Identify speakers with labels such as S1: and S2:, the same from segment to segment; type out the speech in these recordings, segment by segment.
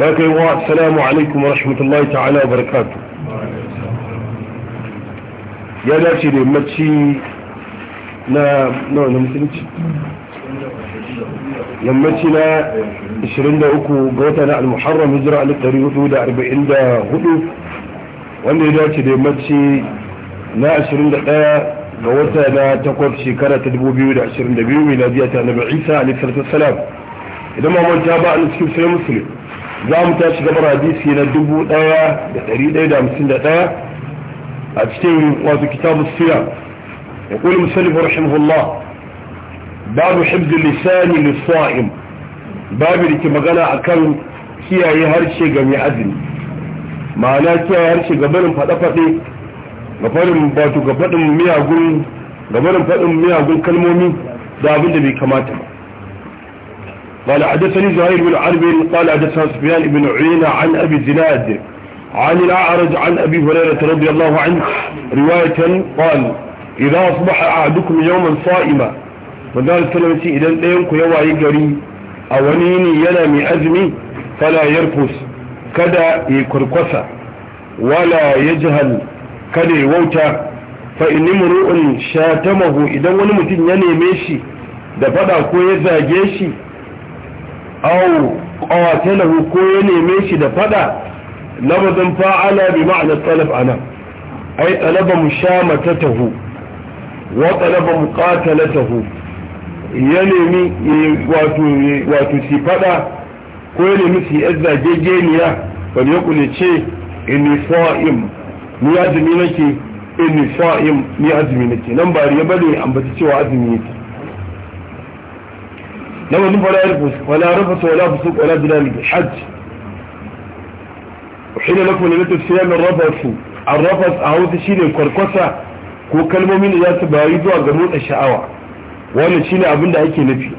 S1: بارك الله السلام عليكم ورحمة الله تعالى وبركاته يا ناشي دي ماتشي نا نو نو متنشي يمتشي نا اشرين دا اكو المحرم هجرة لقري وثو دا اربعين دا غدو وانا دي ماتشي نا اشرين دا قوتنا تقوف شكرة تدبو بيو دا اشرين دا النبي عيسى عليه الصلاة والسلام إذا ما مجابا أن نسكب سيا مسلم za mu tashi gabar hadisi na daya a cikin wato kitabu sira ya kuli musallifu rahimahullah babu hibdu lisani lissa'im babu da ke magana a kan kiyaye harshe ga mai azumi ma'ana kiyaye harshe ga barin faɗe-faɗe ga farin wato ga faɗin miyagun ga barin faɗin miyagun kalmomi da abin da bai kamata ba قال حدثني زهير بن عربي قال حدثنا سفيان بن عيينة عن أبي زناد عن الأعرج عن أبي هريرة رضي الله عنه رواية قال إذا أصبح أحدكم يوما صائما وذلك كلمة إذا لينك يوعي قري أوليني ينامي أزمي فلا يرفس كدا يكركس ولا يجهل كدا يوتا فإن امرؤ شاتمه إذا ونمت ينمي شي da fada ko au qatalahu ko ya neme shi da fada labadin fa'ala bi ma'na talab ana ay talaba mushamatatahu wa talaba muqatalatahu ya nemi wato wato si fada ko ya nemi si azzagegeniya bal yaqulu ce inni sa'im ni azumi nake inni sa'im ni azumi nake nan ba riya bane ambaci cewa azumi nake لما ولا يرفث ولا رفث ولا فسوق ولا جلال الحج وحين لكم لنتب سيام الرفث الرفث أعوذ شيء الكركسة ko kalmomin da za su bayi zuwa ga motsa sha'awa wannan shine abin da ake nufi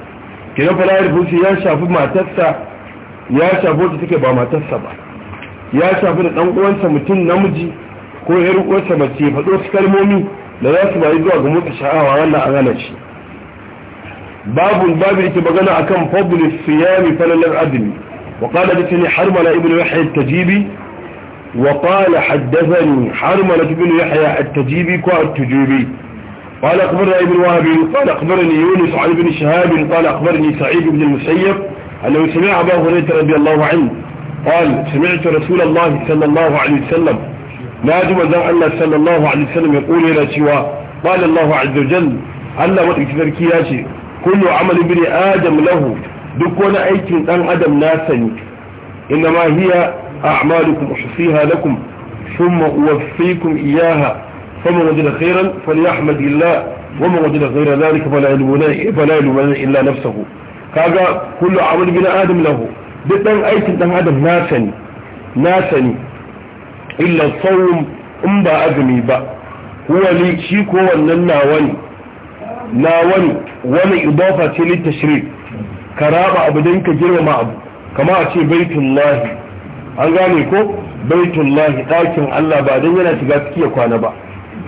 S1: kiran falayar fusi ya shafi matarsa ya shafi wata take ba matarsa ba ya shafi da dan uwansa mutum namiji ko yar uwarsa mace faɗo su kalmomi da za su bayi zuwa ga motsa sha'awa wannan an hana shi باب الباب yake magana أكم فضل الصيام فلا adli وقال qala dathani harmala ibn يحيى التجيبي وقال حدثني qala haddathani harmala ibn التجيبي قال أخبرنا ابن وهبي قال أخبرني يونس عن ابن شهاب قال أخبرني سعيد بن المسيب أنه سمع أبا هريرة رضي الله عنه قال سمعت رسول الله صلى الله عليه وسلم لا جمع أن صلى الله عليه وسلم يقول إلى سوى قال الله عز وجل ألا وتكتركي يا شيء kullu amal bini adam lahu duk wani aikin dan adam na nasa ne inma hiya a'malukum uhsiha lakum thumma uwaffikum iyaha faman wajada khairan falyahmadillah waman wajada ghayra dhalika fala yalumuna fala yalumuna illa nafsahu kaga kullu amal bini adam lahu duk dan aikin dan adam nasa ne nasa ne illa sawm in ba azumi ba huwa li shi ko wannan nawa ne na wani wani idafa ce ni tashrik ka raba abu don ka girmama abu kama a ce baitullahi an gane ko baitullahi ɗakin Allah ba don yana shiga ciki kwana ba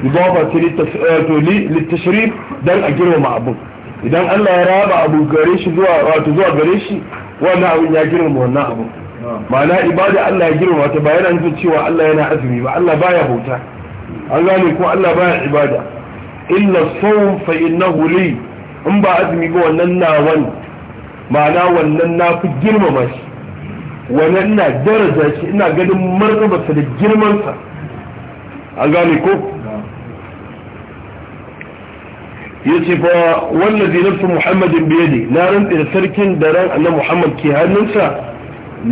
S1: idafa ce ni eh, tashrik don a girmama abu idan Allah ya raba abu gare shi zuwa wato zuwa gare shi wannan abin ya girma wannan abu ma'ana ibada Allah ya girmama wata ba yana nufin cewa Allah yana azumi ba Allah baya bauta an gane ko Allah baya ibada illa sawm fa innahu li in ba azumi ba wannan nawan ma'ana wannan na fi girmama shi wannan ina daraja shi ina ganin martabarsa da girmansa A gane ko ya ce fa wallazi nafsu muhammadin biyadi na rantsi da sarkin da ran annan muhammad ke hannunsa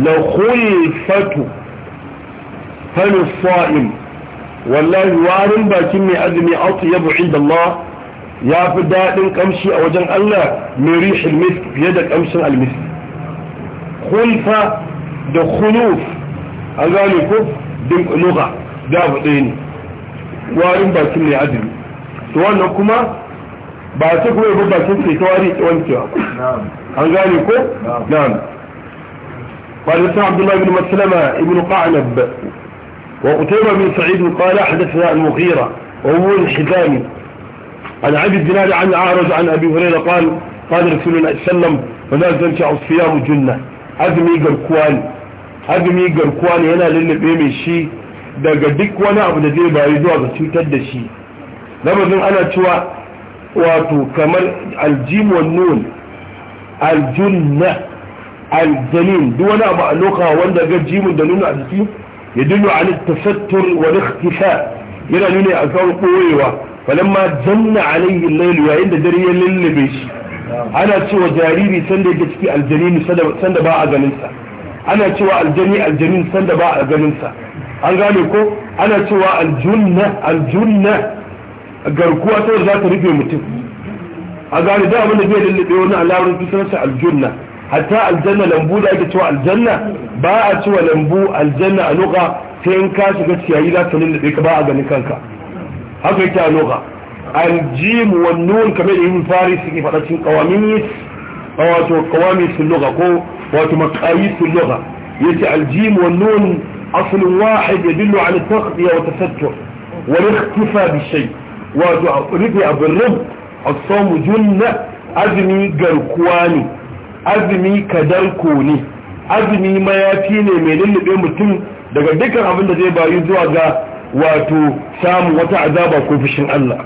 S1: la khulfatu fanu sa'im wallahi warin bakin mai azumi atyabu inda Allah ya fi daɗin ƙamshi a wajen Allah mai rihil misk fiye da ƙamshin almisk hulfa da khuluf a gane ko dinkuluga da abu ɗaya ne warin bakin mai azumi to wannan kuma ba ta kuma yabi bakin sai ta wari ta wankewa an gane ko na'am ba da sa abdullahi bin maslama ibn qa'nab وقتيبة بن سعيد قال أحدثنا المخيرة وهو الحزامي عن عبد الدنال عن عارض عن أبي هريرة قال قال رسول الله صلى سلم فلا زنشع الصيام الجنة هذا ميقر كوان هذا ميقر كوان هنا لأن بيمي الشي دا قدك وانا أبدا دير باردو هذا شو تد الشي لما ذن أنا شوى واتو كمال الجيم والنون الجنة الجنين دو أنا أبقى لوقا وانا قد جيم ودنون أبدا فيه يدل على التستر والاختفاء yana nuna a kan koyewa falamma janna alaihi lailu yayin da dare ya lullube shi ana cewa jariri sanda yake ciki aljanini sanda ba a ganin sa ana cewa aljani aljanin sanda ba a ganin sa an gane ko ana cewa aljunna aljunna garkuwa sai za rufe mutum a gane da abin da zai lullube wani alamar kusan sa aljunna hatta aljanna lambu da ake cewa aljanna ba a cewa lambu aljanna a loka sai in ka shiga ciyayi za ka lullube ka ba a ganin kanka haka yake a loka aljim wa nun kamar yin fari suke faɗa cikin qawamis wato qawamis lugha ko wato maqayis lugha yace aljim wa nun asl wahid yadullu ala taghdiya wa tafattur wa ikhtifa bi shay wato rufi abin rub الصوم جنة azumi garkuwa ne azumi kadarko ne azumi mayafi ne mai lullube mutum daga dukkan abin da zai bayu zuwa ga wato samu wata azaba ko fushin Allah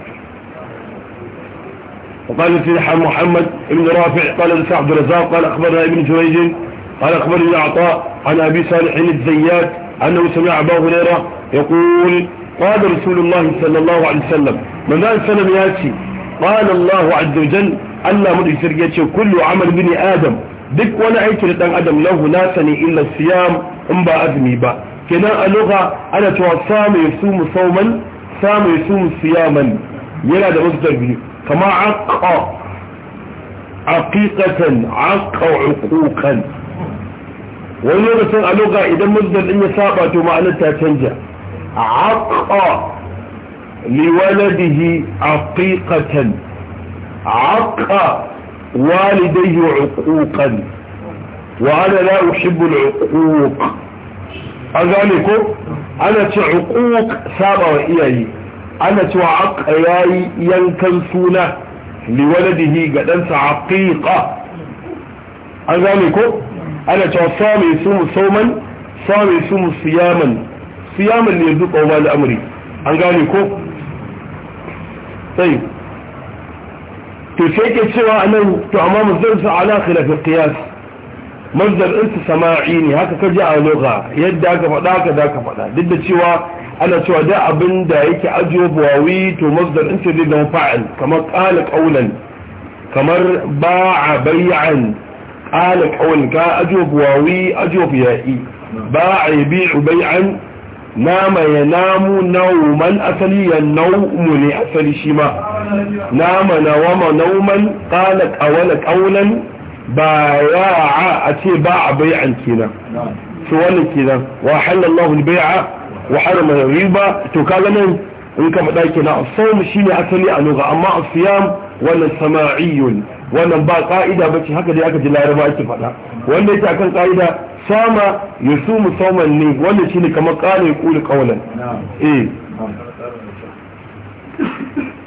S1: وقال سيدنا محمد بن رافع قال لسا عبد الرزاق قال أخبرنا ابن جريج قال أخبرني عطاء عن أبي صالح الزيات أنه سمع أبا هريرة يقول قال رسول الله صلى الله عليه وسلم من ذا السلام ياتي قال الله عز وجل Allah mu sarki ya ce kullu amal bini adam duk wani aiki da dan adam lahu la sani illa siyam in ba azumi ba kenan a lugha ana cewa samu yasumu sauman samu yasumu siyaman yana da wasu biyu kama aqqa aqiqatan aqqa uquqan wani lokacin a lugha idan masdar din ya saba to ma'anar ta canja aqqa liwaladihi aqiqatan عق والديه عقوقا وأنا لا أحب العقوق أذلك أنا تعقوق سابع إياي أنا تعق إياي ينكنسونه liwaladihi ga ɗansa haƙiƙa an gane ko ana cewa sami su musauman sami su musiyaman siyaman ne yanzu ƙauma al'amuri an gane ko to sai ke cewa anan to amma su ala khilafi qiyas mazdar insu sama'i ne haka ka ji a lugha yadda ka faɗa ka da ka faɗa duk da cewa ana cewa da abin da yake ajiyo buwawi to mazdar insu zai zama fa'il kamar qala qawlan kamar ba'a bay'an qala qawlan ka ajiyo buwawi ajiyo ya'i ba'a yabi'u bay'an nama ya namu nauman asali ya naumu ne asali shi ma nama wama nauman qala qawla qawlan ba wa'a a ce ba a bai'an kenan su wannan kenan wa halallahu al-bai'a wa harama riba to kaga nan in ka faɗa kenan as shi shine asali a amma as-siyam wannan sama'iyyun wannan ba ka'ida bace haka dai aka ji laraba ake faɗa wanda yake akan ka'ida sama yasumu musamman ne shi ne kamar kare yaqulu qawlan eh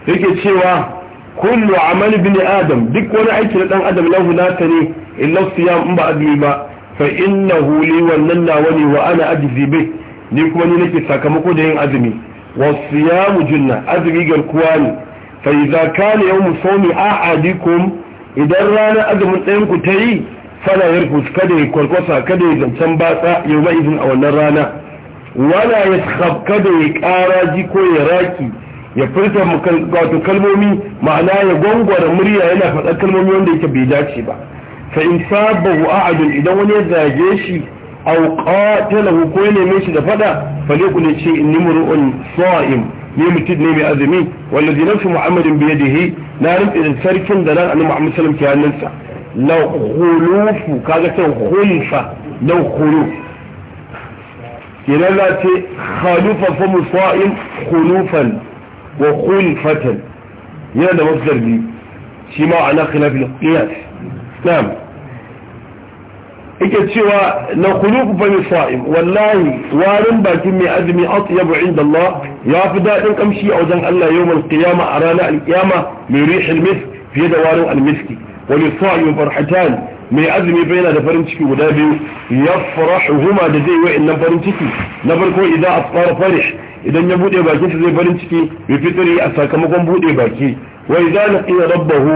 S1: yake cewa kullu amali bin adam duk wani aiki na dan adam lahu nata ne illa siyam in ba azumi ba fa innahu li wannan nawa ne wa ana ajzi bi ni kuma ni nake sakamako da yin azumi wa siyam junna azumi garkuwa ne fa idza kana yawm sawmi ahadikum idan ranar azumin ɗayanku ku ta fala yarkus kada ya kwarkwasa kada ya zancen batsa yau mai izin a wannan rana wala ya kada ya ƙara ji ko ya raki ya furta wato kalmomi ma'ana ya gwangwara murya yana faɗar kalmomi wanda yake bai dace ba fa in sabahu ahadun idan wani ya zage shi aw hu ko ya mishi shi da fada fa ne kule ce inni mur'un sa'im ne mutid ne mai azumi wallazi nafsu muhammadin bi yadihi na rufe da sarkin da ran annabi muhammad sallallahu alaihi wasallam ke hannunsa la khulufu kaga ta khulufa la khuluf kenan la ce khalufa fa musa'im khulufan wa khulfatan yana da masdar biyu shi ma khilafin qiyas na'am yake cewa na khuluq bani sa'im wallahi warin bakin mai azumi atyabu inda Allah ya fi dadin kamshi a wajen Allah yawmal qiyama a ranar alqiyama mai rihil misk fiye da warin almiski wani sa'im farhatan mai azumi fa yana da farin ciki guda biyu ya farahu huma da zai na farin ciki na farko idan asfara farish idan ya bude baki shi zai farin ciki bi fitri a sakamakon bude baki wa idan laqiya rabbahu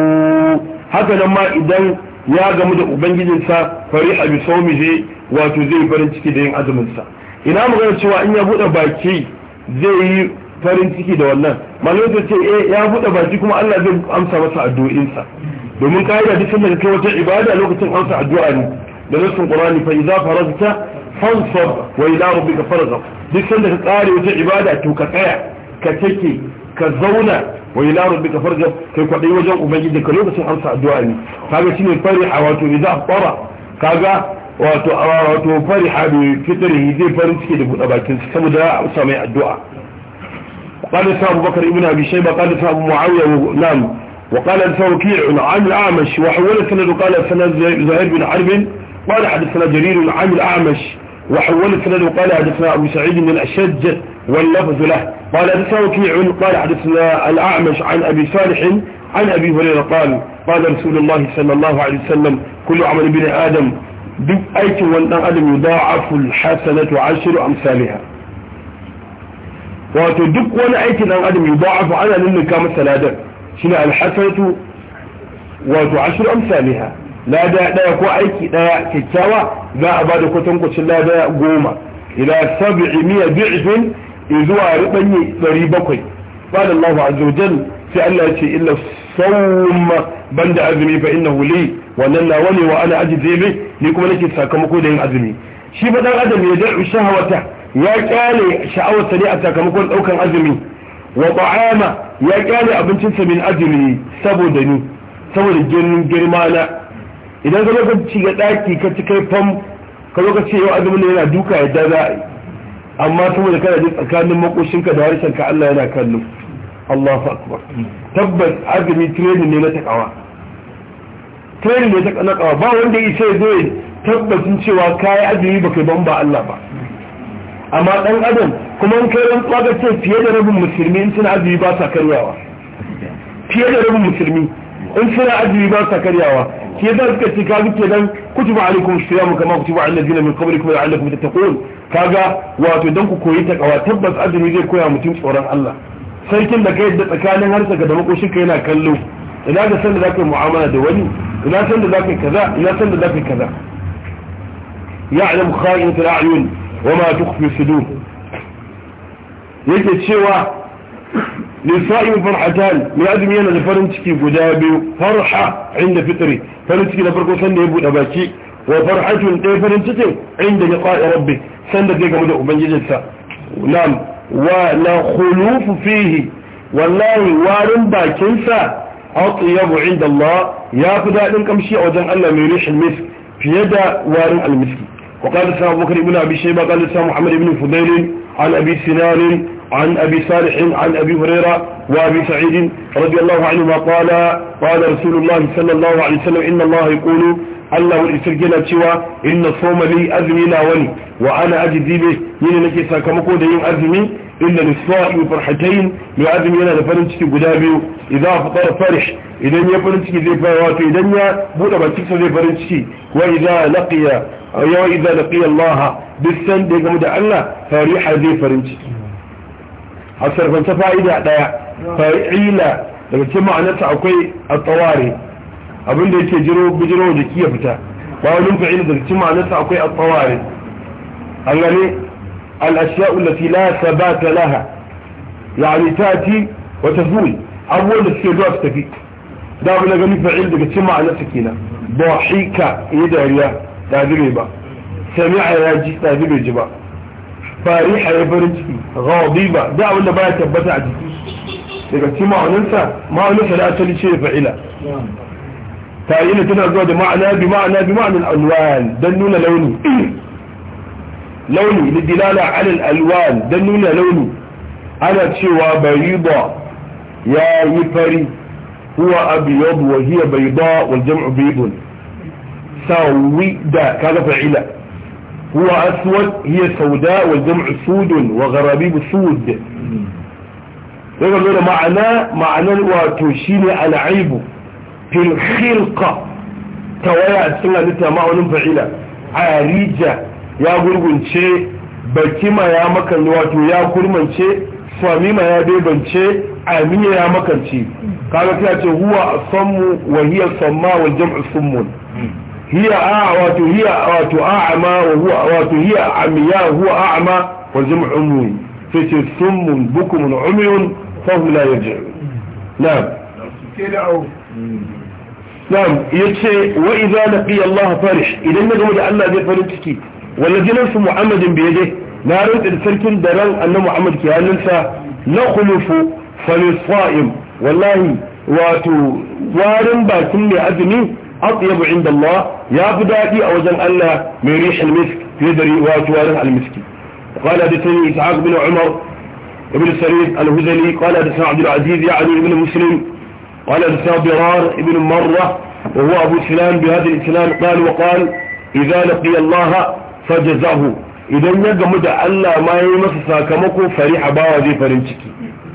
S1: haka nan ma idan ya gamu da ubangijinsa fariha bi sawmihi wato zai farin ciki da yin azumin sa ina magana cewa in ya bude baki zai yi farin ciki da wannan malamai ce eh ya bude baki kuma Allah zai amsa masa addu'insa domin ka'ida duk sanda kai wata ibada lokacin ansa addu'a ne da nasin qur'ani fa idza farazta fansab wa ila rabbika farzab duk sanda ka kare wata ibada to ka tsaya ka take ka zauna wa ila rabbika farzab kai kwadai wajen ubangiji ka lokacin ansa addu'a ne kaga shine fariha wato idza fara kaga wato wato fariha bi fitrihi zai farin ciki da buɗe bakin saboda a samu addu'a قال سعد بكر ابن أبي شيبة قال سعد معاوية نعم وقال الفوكيع عن الأعمش وحول سند وقال سند زهير بن حرب قال حدثنا جرير عن الأعمش وحول سند وقال حدثنا أبو سعيد بن الأشج واللفظ له قال الفوكيع قال حدثنا الأعمش عن أبي صالح عن أبي هريرة قال قال رسول الله صلى الله عليه وسلم كل عمل بن آدم duk وان آدم يضاعف الحسنة عشر أمثالها وتدق wato duk wani يضاعف على adam yudha'afu مثل هذا shine alhasanatu wato ashir amsaliha lada daya ko aiki daya kyakkyawa za a bada kwatankwacin lada goma ila sab'i miya bi'fin zuwa ribanye bakwai qala Allahu azza wajal sai Allah ya ce illa ban da azumi fa inna huli wannan na wani wa ana ajzi bi ni kuma nake sakamako da yin azumi shi fa dan adam ya da'u shahawata ya kyale sha'awarsa ne a sakamakon daukan azumi wa ba'ama ya kyale abincinsa min ajili saboda ni saboda girma na idan ka lokaci ci ga daki ka ci kai fam ka lokaci yau azumin yana duka ya daza a yi amma saboda kana jin tsakanin makoshinka da ka Allah yana kallo Allahu akbar tabbas azumi training ne na takawa training ne ta na takawa ba wanda ya sai zai tabbacin cewa kai azumi baka ban ba Allah ba amma dan adam kuma in kai rantsuwa ga fiye da rabin musulmi in suna azumi ba sa karyawa fiye da rabin musulmi in suna azumi ba sa karyawa ke da suka ce ka zuke nan kutuba alaikum siyamu kama kutuba alal ladina min qablikum la'allakum tattaqun kaga wato dan ku koyi takawa tabbas azumi zai koya mutum tsoron Allah sarkin da ka da tsakanin harsaka da makoshin ka yana kallo ina da san da zaka mu'amala da wani ina san da zaka kaza ina san da zaka kaza ya'lamu kha'inatul a'yun wa ma tukhfi sudur yake cewa lissa'in farhatan mai azumi yana da farin ciki guda biyu farha inda fitri farin ciki na farko sanda ya buɗe baki wa farhatun ɗaya farin cikin inda ya ƙwaɗa rabbi sanda zai gamu da ubangijinsa nam wa la khulufu fihi wallahi warin bakinsa atyabu inda Allah ya fi daɗin kamshi a wajen Allah mai rishin fiye da warin almiski وقال سيدنا أبو بكر بن أبي شيبة قال سيدنا محمد بن فضيل عن أبي سنان عن أبي صالح عن أبي هريرة وأبي سعيد رضي الله عنهما قال قال رسول الله صلى الله عليه وسلم إن الله Allah wani sirgina cewa inna soma li azumi na wani wa ana aji dibe yini nake sakamako da yin azumi inda nisfa'i farhatayn mai azumi yana da farinciki guda biyu idan fatara farish idan ya farinciki zai fara wato idan ya bude bakin sa zai farinciki ciki wa idza laqiya wa idza laqiya Allah duk san da ya gamu da Allah fariha zai farin ciki a sarfanta fa'ida ɗaya fa'ila daga cikin ma'anarta akwai a tsaware abinda yake jiro bijiro jiki ya fita ba wani fa'ila daga cikin ma'anarta akwai a tsaware an gane al'ashiya'u lati la sabata laha yani tati wa tazul abubuwan da suke zuwa su tafi da abu na gani fa'il daga cikin ma'anarta kenan ba hika ya dariya ta zube ba sami'a ya ji ta zube ji ba fariha ya bar ciki ghadiba da abin da baya tabbata a jiki daga cikin ma'aunansa ma'aunansa da asali ce fa'ila fa'ila tana zuwa da ma'ana bi ma'ana bi ma'anar alwan dan nuna launi launi lidilala alal alwan dan nuna launi ana cewa bariba ya yi fari huwa abiyad wa hiya bayda wal jam'u baydun sawi da kaga fa'ila هو أسود هي سوداء والجمع سود وغرابيب سود يقول لنا معنى معنى وتشيني على عيبه في الخلقة توايا السنة لتا ما ونم فعلا عريجة يا قرقن شيء بكما يا مكان واتو يا قرمن شيء فاميما يا بيبن شيء عامية يا مكان شيء قالت يا هو الصم وهي الصماء والجمع الصمون hiya a wato hiya wato a'ama wa wato hiya amiya huwa a'ama wa jam'u mu sai ce summun bukumun umyun fa hum la yarji'un na'am na'am yace wa idza laqiya Allah farih idan na da Allah zai farin ciki wallazi nafsu muhammadin bi yadihi na rantsa sarkin da ran annabi muhammad ke hannunsa na khulufu fa wallahi wato warin bakin mai azumi أطيب عند الله يا بدائي أو زن ألا من ريح المسك في دري واتواره المسكي قال أدتني إسحاق بن عمر بن السريد الهزلي قال أدتنا عبد العزيز يعني ابن مسلم قال أدتنا برار ابن مرة وهو أبو سلام بهذا الإسلام قال وقال إذا لقي الله فجزاه إذا نجمد ألا ما يمس كمكو فريح باوزي فرنشكي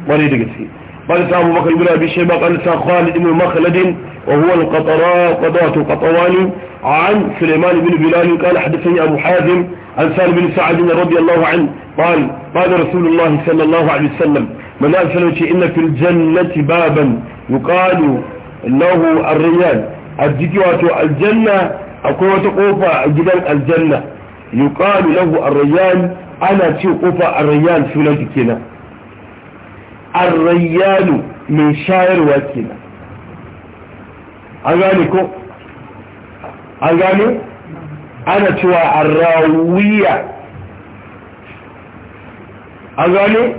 S1: وليد قسير قال أبو بكر بن أبي شيبة قال خالد بن مخلد وهو القطراء قضاة القطوان عن سليمان بن بلال قال حدثني أبو حازم عن سالم بن سعد رضي الله عنه قال قال رسول الله صلى الله عليه وسلم من أسأل إن في الجنة بابا يقال له الريان الجدوة الجنة أقوى تقوفة جدا الجنة يقال له الريان أنا تقوفة الرجال الريان سولتك هنا الريالو من شاعر أغاني أغانيكو أغاني أنا توا الراوية أغاني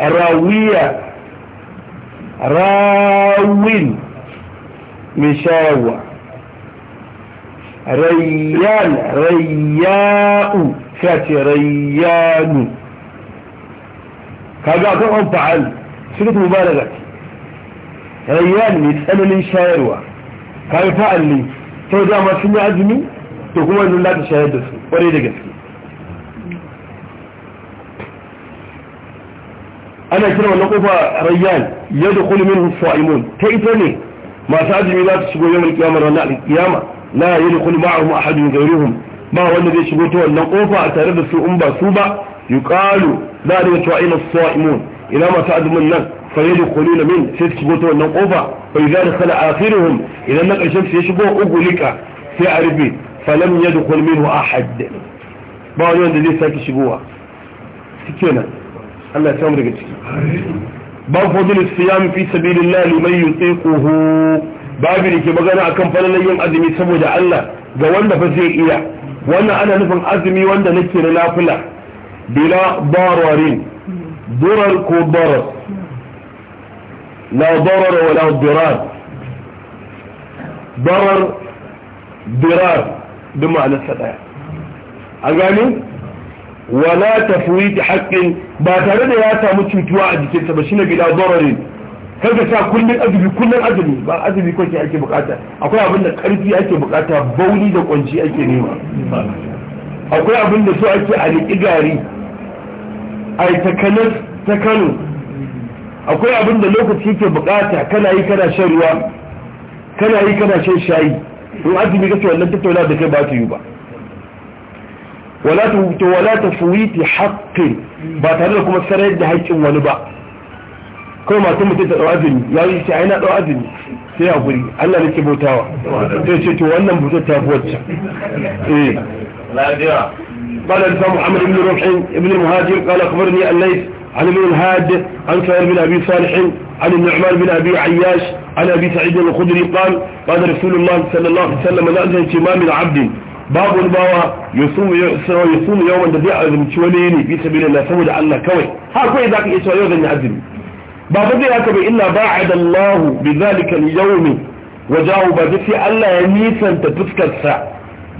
S1: الراوية راوين من شاوة ريال رياء كاتي ريان كذا تقوم فعل شنو مبالغه هيان يتسلل يشيروا كان فعل لي تو جاما شنو عزمي تو هو اللي لاقي شهاده قري ده جسمي انا كده ولا قفا ريان يدخل منه الصائمون تيتني ما ساجي ميلاد تشغو يوم القيامه ولا القيامه لا يدخل معهم احد من غيرهم ما هو اللي بيشغو تو ولا قفا اتربصوا ام با سوبا يقالوا ذلك وعين الصائمون ina masu azumin nan fayyar da koli na min sai su shigo ta wannan kofa bai za da sana akhiruhum idan na ƙarshen su ya shigo ugulika sai a rufe falam ya dukul a ahad ba wani wanda zai sake shigowa shikenan Allah ya samu daga ciki babu fadilus siyam fi sabilillah liman yutiquhu babu ne ke magana akan falalan yin azumi saboda Allah ga wanda fa zai iya wannan ana nufin azumi wanda nake na nafila bila barwarin ضرر كضرر لا ضرر ولا ضرار ضرر ضرار بمعنى السدايا أغاني ولا تفويت حق با تريد يا سامو تشوتوا اجيكي تبا شنو بلا ضرر كذا سا كل ادبي كل ادبي با ادبي كوكي ake bukata akwai abinda karfi ake bukata bauli da kunci ake nema akwai abinda so ake alƙigari ai takanas ta kano akwai abin da lokaci ke bukata kana yi kana shan ruwa kana yi kana shan shayi in azumi kace wannan tattaunawa da kai ba ta yi ba wala ta wala fuwiti haqqin ba tare da kuma sarayar da haƙƙin wani ba kai masu mutum ta dawa azumi ya yi shi aina dawa azumi sai a guri Allah ne ke bautawa sai ce to wannan bautar ta fi wacce eh قال الفام عمر بن روح بن المهاجر قال اخبرني الليس عن ابن الهاد عن سائر بن ابي صالح عن النعمان بن ابي عياش عن ابي سعيد الخدري قال قال رسول الله صلى الله عليه وسلم لا انت اهتمام العبد باب الباوى يصوم يصوم, يصوم يوما دبيع اذن في سبيل الله سود الله كوي هاكو اذا كنت يتوى يوضا يعزم باب الباوى كبه إلا باعد الله بذلك اليوم وجاوب بسي الله يميسا تتسكت ساعة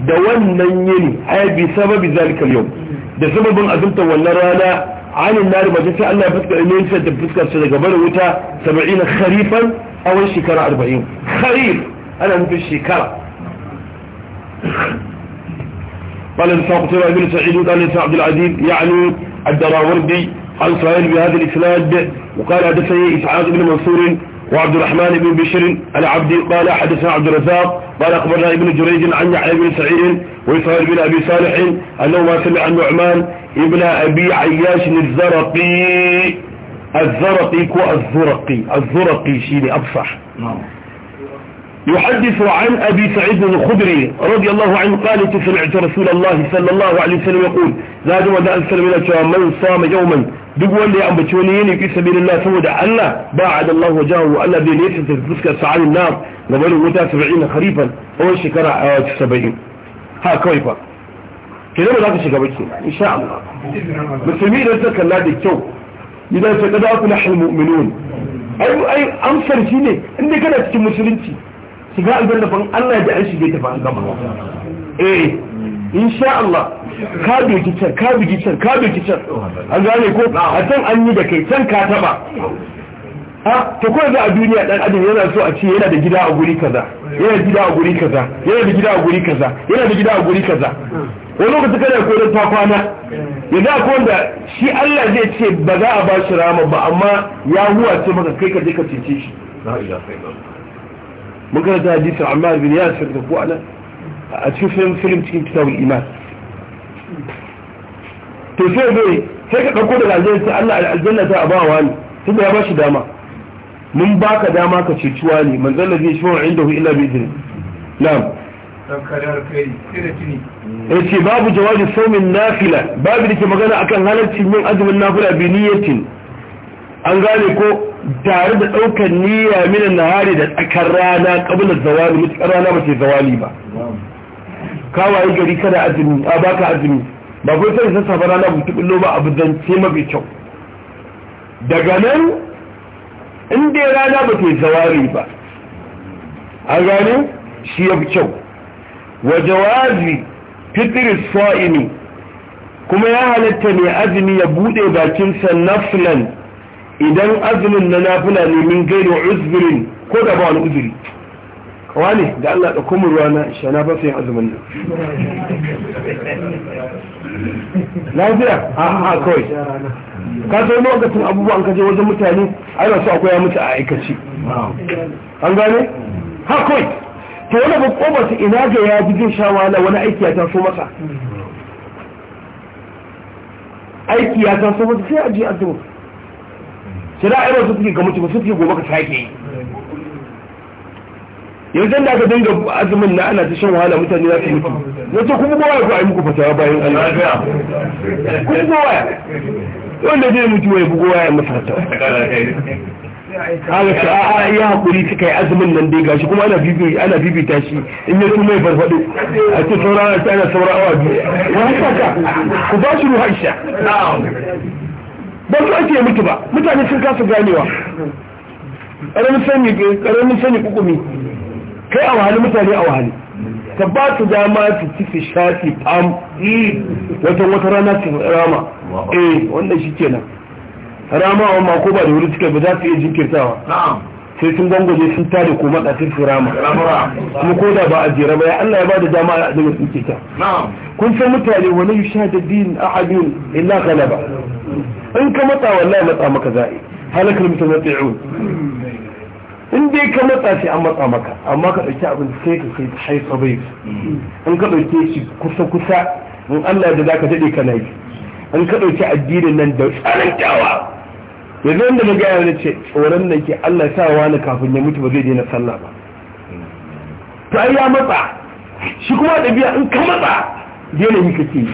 S1: da wannan yini ai bi sababi zalikal yau da sababin azumta wannan rana anin nari mace sai Allah ya fuskar ilinsa da fuskar sa daga bar wuta 70 kharifan a wani shekara 40 kharif ana nufin shekara قال الإسحاق سيرا بن سعيد قال لسا عبد العزيز يعني bi عن سهيل بهذا الإسناد وقال حدثني إسحاق بن منصور وعبد الرحمن بن بشر العبدي قال حدثنا عبد الرزاق قال أخبرنا ابن جريج عن يحيى بن سعيد وإسرائيل بن أبي صالح أنه ما سمع النعمان ابن أبي عياش الزرقي الزرقي كو الزرقي الزرقي شيني أفصح نعم. يحدث عن أبي سعيد الخدري رضي الله عنه قال سمعت رسول الله صلى الله عليه وسلم يقول زاد وداء السلام من صام يوما duk wanda ya ambaci wani yini fi sabilillah saboda Allah ba a adallahu wajahu Allah bai ne ta fuskar sa'alin nar gaban wuta 70 kharifan tsawon shekara a 70 ha kawai fa ke zama za ka shiga baki insha Allah musulmi idan ta kalla da kyau idan ta kada ku nahal mu'minun ai ai amsar shi ne inda kana cikin musulunci shiga aljanna fa Allah da an shige ta fa an gama eh insha Allah ka doki can ka bugi can ka doki can an gane ko a can an yi da kai can ka taba ha to ko da a duniya dan adam yana so a ce yana da gida a guri kaza yana da gida a guri kaza yana da gida a guri kaza yana da gida a guri kaza wani lokaci ko da ta kwana yanzu ko da shi Allah zai ce ba za a ba shi rama ba amma ya huwa ce maka kai ka je ka cece shi mun karanta hadisi Ammar bin Yasir da ko ana a cikin film cikin kitabul iman to sai dai sai ka ɗauko daga aljanna sai Allah aljanna ta ba wani tun ya ba shi dama mun baka dama ka ceci ne manzon da zai shiwa inda hu illa bi idin na'am ya ce babu jawabi saumin nafila babu da ke magana akan halarcin yin azumin nafila bi niyyatin an gane ko tare da ɗaukar niyya minan nahari da tsakar rana kabilar zawali mutukar rana ba ce zawali ba Ka kawaye gari kada azumi a baka azumi ba kai sai san rana mutu billo ba abu zan ce mafi kyau daga nan in dai rana ba ta zawari ba a gane shi ya kyau wa jawazi fitri sa'imi kuma ya halatta mai azumi ya bude bakin naflan idan azumin na nafila ne min gairu uzurin ko da ba uzuri wani da Allah da kuma ruwa na isha na ba su yin azumin nan lafiya a ha kawai ka sai lokacin abubuwan ka je wajen mutane ai ba su akwai mutu a aikaci an gane ha kawai to wani ba koba su ina ga ya ji jin shawala wani aiki ya taso masa aiki ya taso masa sai a je azumin sai da ai ba su suke ga mutu ba su suke gobe ka sake yi yanzu da aka dinga azumin na ana ta shan wahala mutane za su mutu na kuma ba ku a yi muku fatawa bayan Allah kuma gowa
S2: wanda zai mutu wai bugo ya masa fatawa haka ce a ya haƙuri su kai azumin nan dai gashi kuma ana bibi ana
S1: bibita shi in ya kuma ya farfaɗo a ce saurawa ta ana saurawa biyu wani haka ku ba shi ruwa isha ba su ake mutu ba mutane sun kasa ganewa ƙaramin sani ƙaramin sani kukumi kai a wahali mutane a wahali ka ba su dama su ci su sha su fam wata wata rana su rama eh wanda shi kenan rama wa mako ba da wuri suka ba za su iya jinkirtawa sai sun gangaje sun tare ko matsa sun rama kuma ko da ba a jera ba ya Allah ya ba da dama a adamin suke ta kun san mutane wani yi sha da din ahadin illa ba in ka matsa wallahi matsa maka za'i halakar mutum na in dai ka matsa sai an matsa maka amma ka ɗauki abin sai ka sai haifa bai in ka ɗauke shi kusa kusa in Allah da zaka daɗe na yi in ka ɗauki addinin nan da tsanantawa yanzu wanda na gaya wani ce tsoron da ke Allah sa wa wani kafin ya mutu ba zai daina sallah ba to ai ya matsa shi kuma ɗabi'a in ka matsa daina yi kake yi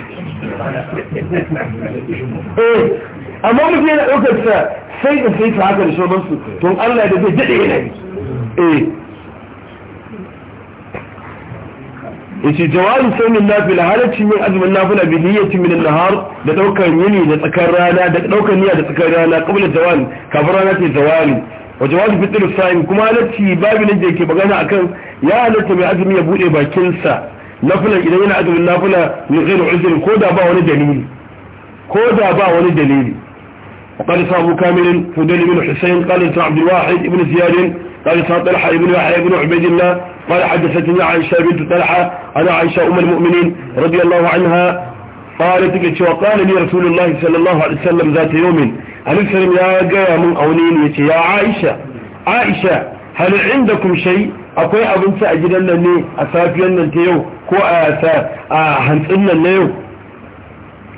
S1: eh, amma mutum yana ɗaukar sa sai da sai ta haka da shauransu tun allah da zai daɗe yana yi eh yace jawazu sunan nafila halacci min azumin nafila bi niyyati min an-nahar da daukan yini da tsakar rana da daukan niyya da tsakar rana qabla zawal kafin rana ta zawali wa jawazu fitr sa'im kuma halacci babu ne da yake magana akan ya halarta mai azumi ya bude bakinsa nafila idan yana azumin nafila min ghairu uzr ko da ba wani dalili ko da ba wani dalili وقال صاحب أبو كامل فدل بن حسين قال صاحب عبد الواحد بن زياد قال صاحب طلحة بن يحيى بن عبيد الله قال حدثتني عائشة بنت طلحة أنا عائشة أم المؤمنين رضي الله عنها قالت وقال لي رسول الله صلى الله عليه وسلم ذات يوم هل السلام يا قيام أونين يا عائشة عائشة هل عندكم شيء أقوي أبنت أجلنا لي أسافينا اليوم كو أسا آه، هنسئنا اليوم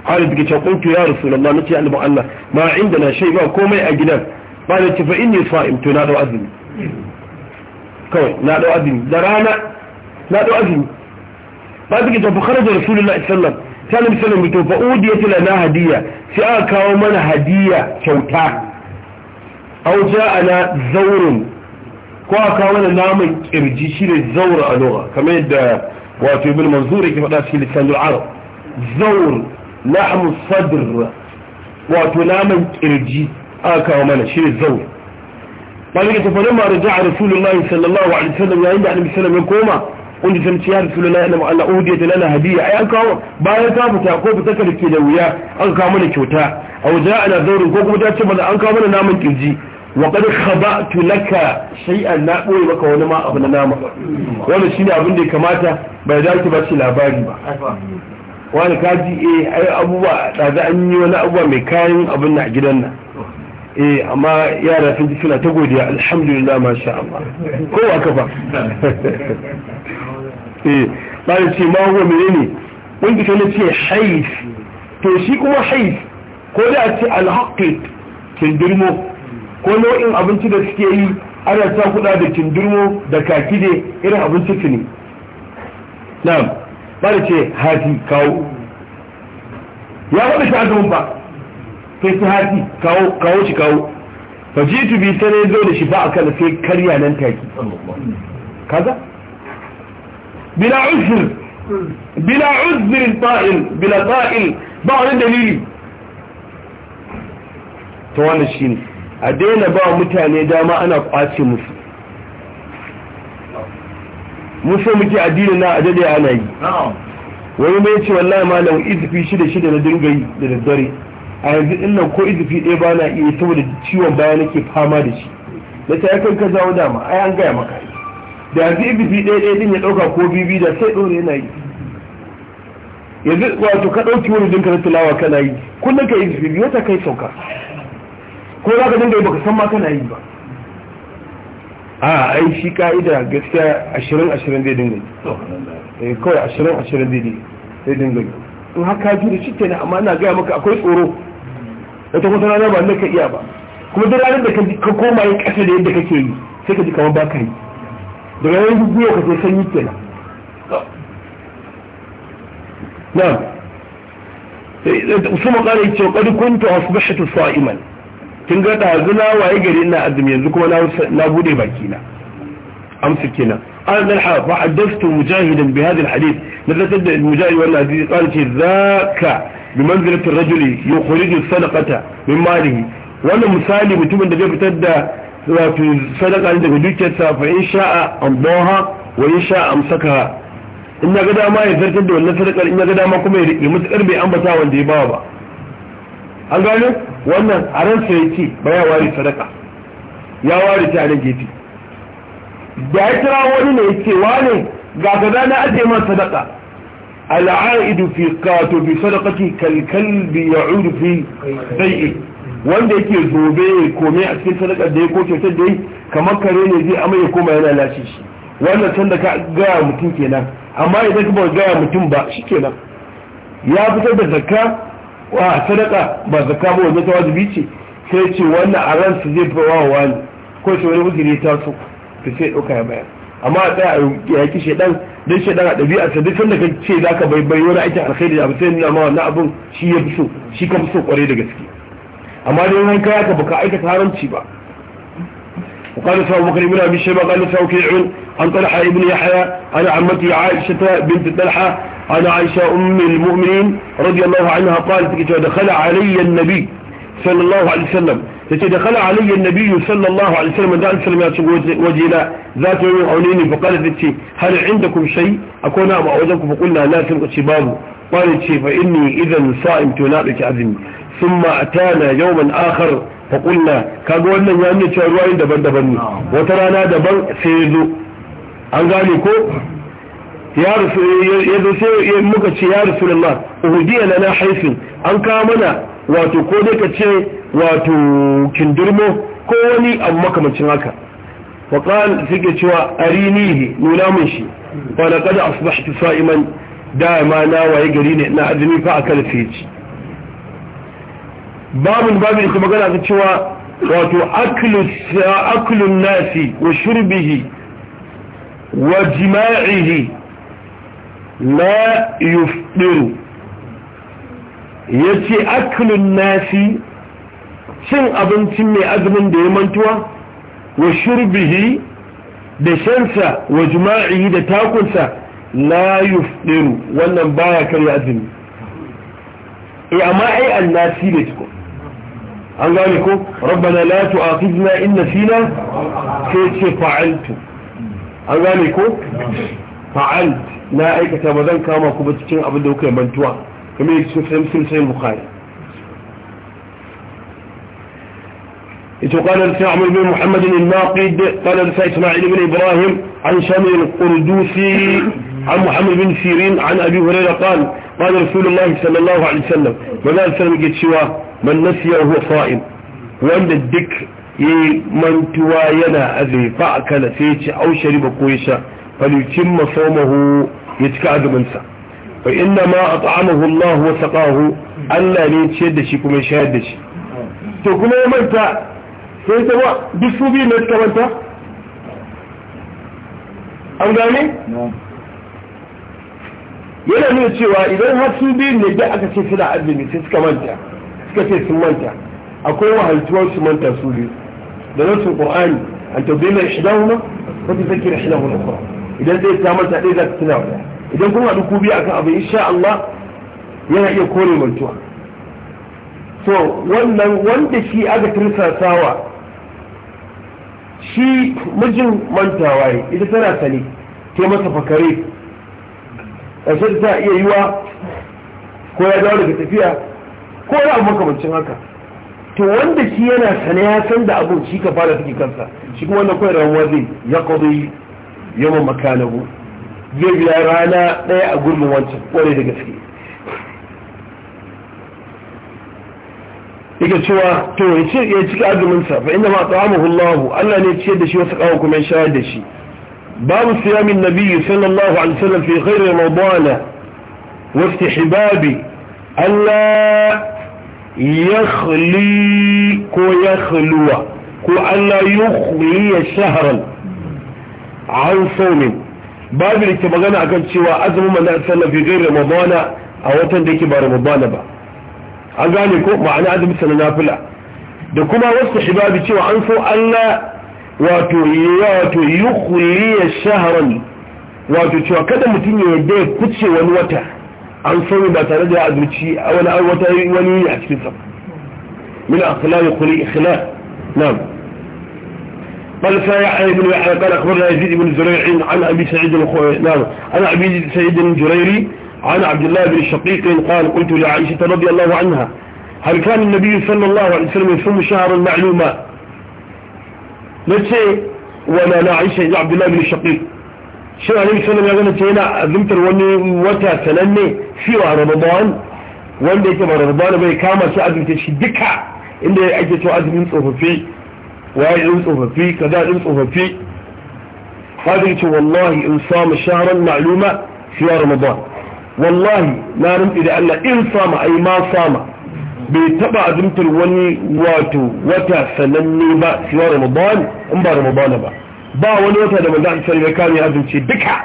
S1: Khalid ke ce kuntu ya Rasulullah nace annabi Allah ma indana shay ba komai a gidan ba da ce fa inni sa'im na dau azumi kawai na dau azumi da rana na dau azumi ba ta bukhari da Rasulullah sallallahu alaihi wasallam sallallahu alaihi wasallam to fa udiyati lana hadiyya sai aka kawo mana hadiyya kyauta aw ja'ana zawrun ko a kawo mana namun kirji shine zawra a lugha kamar yadda wato ibn manzuri ke faɗa shi lisanul arab zawrun lahmu sadr wato naman kirji aka kawo mana shi ne zau malaka ta fara ma raja'a rasulullahi sallallahu alaihi wasallam yayin da annabi ya koma kun ji tamci ya rasulullahi ta lana hadiya ai an kawo bayan ta fita ko fita ka dake da wuya an kawo mana kyauta wajen ja'ana zawrun ko kuma ta ce mana an kawo mana naman kirji wa qad khaba'tu laka shay'an na ɓoye maka wani ma abu na nama shi shine abin da ya kamata bai dace ba shi labari ba wani kaji eh ai abubuwa za an yi wani abubuwa mai kayan abin na a gidan nan eh amma yara sun ji suna ta godiya alhamdulillah sha Allah
S2: ko aka ba
S1: eh ba ce ma ne menene ji ta ce haif to shi kuma haif ko da ce alhaqit kindirmo ko nau'in abinci da suke yi ana sa kuɗa da kindirmo da kakide irin abinci ne na'am bari ce hati kawo ya faɗi shi azumin ba sai ta hati kawo kawo shi kawo fa ji tubi ta ne zo da shi ba a kan sai karya nan take kaza bila uzur bila uzur ta'il bila ta'il ba wani dalili ta wannan shine a daina ba mutane dama ana kwace musu mun so muke addinin na a ana yi wani mai ce wallahi malam izifi shida shida na dinga yi da daddare a yanzu din nan ko izifi ɗaya ba na iya saboda ciwon baya nake fama da shi da ta yakan ka zawo dama ai an gaya maka da yanzu izifi ɗaya ɗaya din ya ɗauka ko bibi da sai ɗore yana yi yanzu wato ka ɗauki wani dinka na tilawa kana yi kullum ka izifi biyu ta kai sauka ko za ka dinga yi baka san ma kana yi ba a ai shi ka'ida gaskiya ashirin ashirin zai dinga yi eh, kawai ashirin ashirin zai dinga yi in haka ji da shi kenan amma ina gaya maka akwai tsoro wata kusa rana ba na ka iya ba kuma da ranar da ka koma yi ƙasa da yadda kake yi sai ka ji kamar ba ka yi daga ranar guguwa ka sai sanyi kenan na eh, eh, usman kare ce wa kadi kunta wasu bashatu sa'iman kin ga ɗazu na waye gari ina azumi yanzu kuma na bude baki na amsa kenan an da ha fa haddathtu mujahidan bi hadha alhadith nazatat da mujahid wannan hadisi qala ce zaka bi manzilati ar-rajuli yukhriju sadaqata min malihi wannan misali mutumin da zai fitar da wato sadaka daga dukiyarsa fa in sha'a amdaha wa in sha'a amsakaha in ya ga dama ya zartar da wannan sadakar in ya ga dama kuma ya riƙe mutukar bai ambata wanda ya bawa ba an gano wannan a ransa ya ce ba ya ware sadaka ya ware ta a nan gefe da ya kira wani ne ya ce wane ga gaza na ajiye man sadaka al'aidu fi kato bi sadakati kalkalbi ya udu fi zai'i wanda yake zobe kome a cikin sadaka da ya ko ta da ya kamar kare ne zai amma ya koma yana lashe shi wannan can da ka gaya mutum kenan amma idan ka ba gaya mutum ba shi kenan ya fitar da zakka wa sadaka ba zakka ba waje ta wajibi ce sai ce wannan a ransa zai fi wa wani ko ce wani uzuri ta so ta sai ɗauka ya bayar amma a tsaya a yaƙi shaidan don shaidan a ɗabi'a sa duk sanda ka ce za ka bai bai wani aikin alkhairi da abu sai nuna ma wannan abun shi ya fi so shi ka fi so kwarai da gaske amma dai wani kaya ka baka aikata haramci ba وقال له أبو بكر بن أبي شيبة قال له وكيع عن طلحة بن يحيى عن عمتي عائشة بنت طلحة عن عائشة أم المؤمنين رضي الله عنها قالت دخل علي النبي صلى الله عليه وسلم دخل علي النبي صلى الله عليه وسلم دعا سلم وجيلا ذات يوم عونين فقالت لي هل عندكم شيء أكون أم أعوذكم فقلنا لا تلقى شبابه قالت شيء فإني إذا صائم تنابك اذن ثم أتانا يوما آخر fakulla kaga wannan ya nuna cewa ruwayin daban-daban ne wata rana daban sai ya zo an gane ko ya rasu zo sai muka ce ya rasu lalla uhudiya na na haifin an kawo mana wato ko dai ka ce wato kindirmo ko wani abu makamacin haka wa qal suke cewa arinihi nuna mun shi wa su asbahtu iman da ma na waye gari ne na azumi fa kalfe ci babin babin ita magana ta cewa wato aklun nasi wa shirbihi wa jima'ihi la yufdiru ya ce aklun nasi cin abincin mai azumin da ya mantuwa wa shirbihi da shansa wa jima'ihi da takunsa la yufdiru wannan baya karya azumi eh, amma ai annasi ne tukun an gane ko rabbana la tu'akhidna in nasina sai ce fa'altu an gane ko fa'alt na aikata ba zan kama ku ba cikin abin da kuka yi mantuwa kamar yake cikin sai sai bukhari قال لسان عمر بن محمد الناقد قال لسان إسماعيل بن إبراهيم عن شامل القردوسي عن محمد بن سيرين عن أبي هريرة قال قال رسول man nasiya huwa sa'im wanda duk yayi mantuwa yana azumi fa akala sai ya ci au shariba ko ya sha falyutim masawmahu ya cika azumin sa fa inna ma at'amahu Allah wa saqahu Allah ne ciyar da shi kuma ya da shi to kuma ya manta sai ta duk suka manta an gane yana nuna cewa idan har su biyu da suna azumi sai suka manta suka ce sun manta akwai wahaltuwar su manta su biyu da nasu qur'ani an shida tabdila ihdahuma wa tuzakkiru ihdahuma ukhra idan dai ta manta ɗaya za ta tuna wa idan kuma duk biyu akan abu insha Allah yana iya kore mantuwa so wannan wanda shi aka tursasawa shi mijin mantawa ne ita tana sani ke masa fakare ƙarshe ta iya yiwa ko ya dawo daga tafiya ko wani abu makamancin haka to wanda shi yana sane ya san da abu shi ka fara take kansa shi kuma wanda kawai rawar zai ya kwazo yamma makanahu zai biya rana ɗaya a gurbin wancan kwarai da gaske yake cewa to ya ce ya cika arziminsa fa inda ma ta'amahu Allah Allah ne ciyar da shi wasu kawo kuma ya shayar da shi babu siyamin Nabiyu sallallahu alaihi wasallam fi khairi ramadana wa istihbabi Allah yakhli ko yakhluwa ko Allah yukhli shahran an saumin babu da ke magana akan cewa azumin manzon sallallahu alaihi wasallam ramadana a watan da yake ba ramadana ba an gane ko ma'ana azumin sanan nafila da kuma wasu hibabi cewa an so Allah wato wato yukhli shahran wato cewa kada mutum ya yadda ya kuce wani wata an sani ba tare أو azurci a wani an wata wani a cikin sa min akhlaq khuli ikhlas na'am قال سيحيى بن يحيى قال اخبرنا يزيد بن زريع عن ابي سعيد نعم عن ابي سعيد الجريري عن عبد الله بن الشقيق قال قلت لعائشه رضي الله عنها هل كان النبي صلى الله عليه وسلم يصوم شهرا معلوما نتي ولا لعائشه عبد الله بن الشقيق shi a rikin sunan ya ce yana azumtar wani wata sananne fi wa ramadan wanda yake ba ramadan bai kama shi azumta shi duka inda ake cewa azumin tsofaffi waye in tsofaffi kaza in tsofaffi hadin ce wallahi in samu sharan ma'luma fi wa ramadan wallahi na rinfi da Allah in sama ai ma sama bai taba azumtar wani wato wata sananne ba fi wa ramadan in ba ramadan ba ba wani wata da manzo Allah sallallahu alaihi wasallam ya azumci duka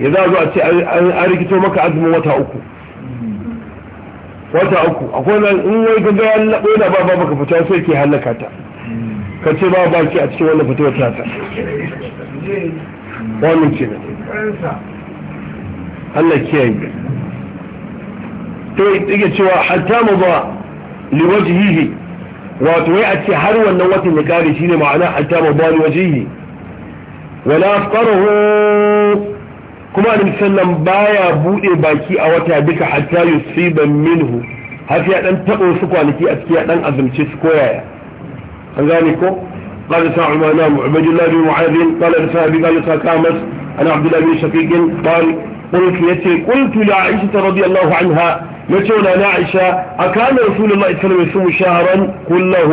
S1: ya za zuwa a ce an rikito maka azumin wata uku wata uku akwai nan in wai gaga ya labo yana ba ba maka fita sai ke halaka ta ka ce ba ba ki a cikin wannan fitowar ta ta wannan ce ne Allah kiyaye to
S2: yake cewa hatta
S1: mu ba liwajhihi wato wai a ce har wannan watan ya kare shine ma'ana hatta mu ba liwajhihi wala farahu kuma annabi baya bude baki a wata duka hatta yusiba minhu har ya dan tabo su kwanaki a cikin dan azumci su koyaya an gane ko قال سعى عبد الله بن معاذ قال سعى بن قال سعى كامس عن عبد الله بن شقيق قال قلت يتي قلت لعائشة رضي الله عنها يتونا نعشة أكان رسول الله صلى الله عليه وسلم يصوم شهرا كله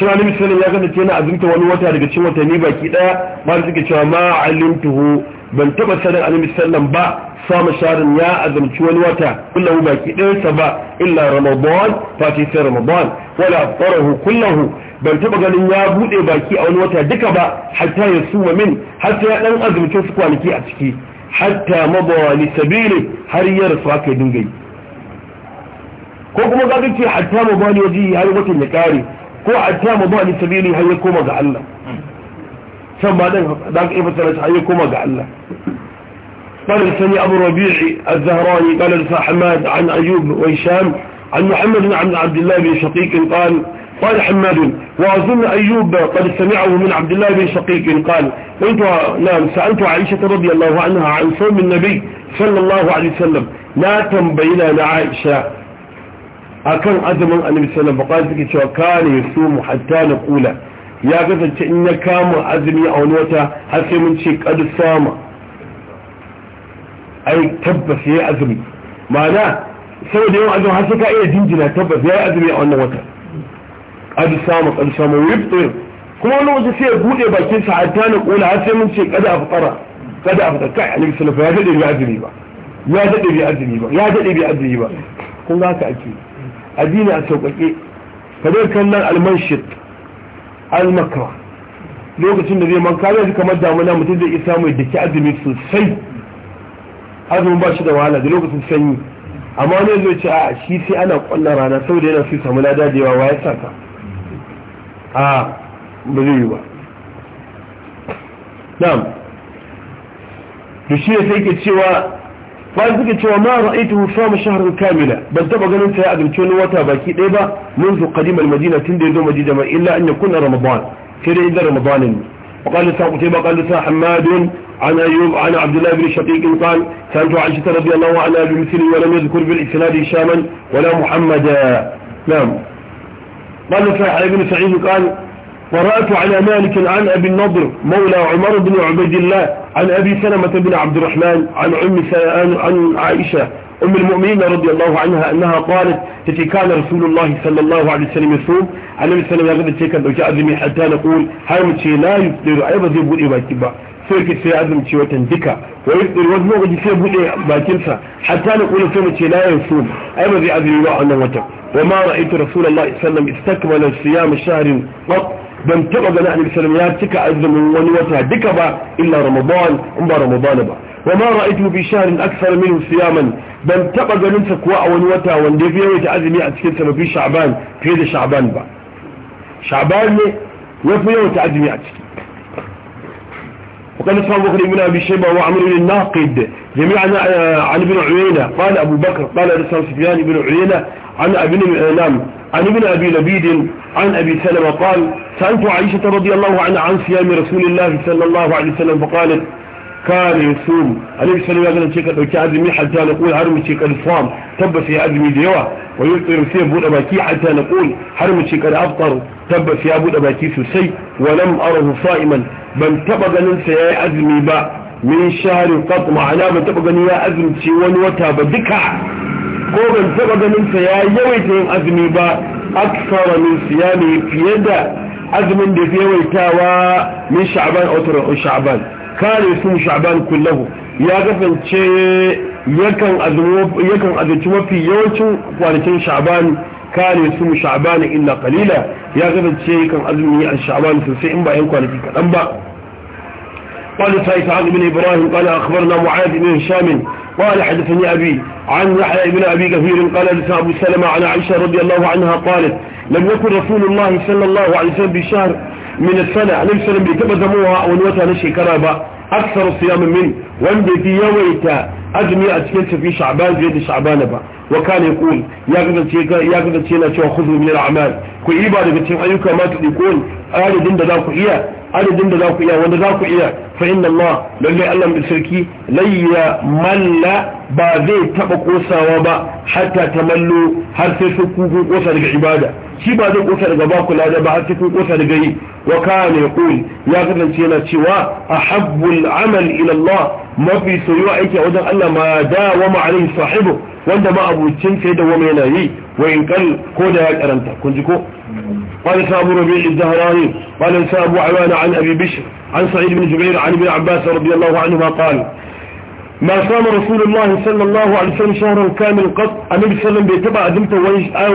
S1: شنا نبي صلى الله عليه وسلم أزمت ونوتا لك شوى تنيبا كده ما رزقك شوى ما علمته بل تبا سنة عليه وسلم با صام شهرا يا أزمت ونوتا كله ما كده سبا إلا رمضان فاتي سير رمضان ولا أفطره كله ban taba ganin ya bude baki a wani wata duka ba hatta ya suma min har sai ya dan azumce su kwanaki a ciki حتى مضى لسبيله هل يرسى كدن جي كو كما قلت حتى مضى لوجيه هل يبطل نكاري كو حتى مضى لسبيله هل يكوم جعلنا ثم بعد ذلك إفتلت إيه هل يكوم جعلنا فرسني أبو ربيعي الزهراني قال لسا حماد عن أيوب وإشام عن محمد بن عبد الله بن شقيق قال قال حماد وأظن أيوب قد سمعه من عبد الله بن شقيق قال قلت نعم سألت عائشة رضي الله عنها عن صوم النبي صلى الله عليه وسلم لا تنبينا لعائشة أكن أزم أن النبي صلى الله عليه وسلم فقال كان يصوم حتى نقول يا قصد إن كام أزمي أو نوتا حسي من شيء قد صام أي تبس يا عزمي معناه سوى اليوم أزم حسيك أي دينجنا تبس يا أزمي أو نوتا qad sama qad sama yibtir kuma wani waje sai ya bude bakin sa hatta na kula har sai mun ce kada a afqara kada a afqara kai annabi sallallahu alaihi wasallam ya dade azumi ba ya dade bi azumi ba ya dade bi azumi ba kun ga haka ake addini a sauƙaƙe kadar kallon almanshit almakra lokacin da zai manka zai kamar damuna mutum zai isa mai dake azumi sosai azumin ba shi da wahala da lokacin sanyi amma wani zai ce a shi sai ana ƙwallon rana saboda yana su samu lada da yawa ya saka a ba zai yi ba na'am to ما رأيته صام الشهر cewa بل suke cewa ma ra'aytuhu sama shahran kamila منذ قديم المدينة تندي دوم مدينة ما إلا أن يكون رمضان كده إذا رمضان وقال لسا قتيبة قال لسا حماد عن أيوب عن عبد الله بن شقيق قال سألت عائشة رضي الله عنها بمثله ولم يذكر بالإسلام هشاما ولا محمدا نعم قال فحيى بن سعيد قال قرأت على مالك عن أبي النضر مولى عمر بن عبيد الله عن أبي سلمة بن عبد الرحمن عن أم عن عائشة أم المؤمنين رضي الله عنها أنها قالت تتي كان رسول الله صلى الله عليه وسلم يصوم النبي أبي سلمة عليه وسلم يقول وجاء ذمي حتى نقول هاي لا يفطر أي يقول بودي باكبا سيكي سيأذم أذم وتنذكى ويفضل وزنوغ وزنه وجي سي حتى نقول سي لا يصوم أي بذي الله يوعى أنه وما رأيت رسول الله صلى الله عليه وسلم استكمل صيام الشهر قط دم تقضى نحن بسلم يا تكا أجزم ونوتا دكبا إلا رمضان أمبا رمضان با وما رأيته في شهر أكثر منه صياما دم تقضى ننسى كواء ونوتا واندفيا ويتعزم يا تكين سبب شعبان في هذا شعبان با شعبان لي وفيا ويتعزم يا تكين وقال صلى الله عليه وسلم وعمل للناقد بمعنى آه، عن ابن عيينة قال أبو بكر قال رسال سفيان ابن عيينة عن ابن الإعلام آه، عن ابن أبي لبيد عن أبي سلمة قال سألت عائشة رضي الله عنها عن صيام رسول الله صلى الله عليه وسلم فقالت كان يصوم النبي صلى الله عليه وسلم يقول كأذن مي حتى نقول هرم الشيك الإسلام تبس يا أذن مي ديوة ويطير سيه بود أباكي حتى نقول هرم الشيك الافطر تبس يا بود أباكي سوسي ولم أره صائما بل تبغى ننسى يا أذن مي با min shari qat ma'ana ban taba gani ya azumci wani wata ba duka ko ban taba ganin sa ya yawaita yin azumi ba aksara min siyami fiye da azumin da ya yawaitawa min sha'ban aw sha'ban kare sun sha'ban kullahu ya kasance yakan azumi yakan azumi mafi yawancin kwanakin sha'ban kare sun sha'ban illa qalila ya kasance yakan azumi a sha'ban sosai in ba yan kwanaki kadan ba قال سعيد بن إبراهيم قال أخبرنا معاذ بن هشام قال حدثني أبي عن يحيى بن أبي كثير قال لسان أبو سلمة عن عائشة رضي الله عنها قالت لم يكن رسول الله صلى الله عليه وسلم بشهر من السنة عليه وسلم لتبزموها ونوتها نشي كرابة أكثر صياما منه وانده في يويتا أدمي أتكلت في شعبان بيد شعبان با وكان يقول يا تيكا يا قدرت يا خذوا من الأعمال كو إيبا لك تيم ما تقول آل دين دا كو إياه adadin da za ku iya wanda za ku iya fa inna Allah lalle Allah mai sarki layya malla ba zai taba kosawa ba hatta tamallu har sai su ku kosa daga ibada shi ba zai kosa daga baku lada ba har sai ku kosa daga yi wa kana yaqul ya kasance yana cewa ahabbul amal ila Allah mafi soyuwa aiki a wajen Allah ma da wa ma sahibu wanda ma abucin sai da wa yana yi wa in kal ko da ya karanta kun ji ko قال سأبو ربيع الزهراني قال سأبو عوان عن أبي بشر عن سعيد بن جبير عن ابن عباس رضي الله عنهما قال ما صام رسول الله صلى الله عليه وسلم شهرا كامل قط النبي صلى الله عليه وسلم بيتبع أدمت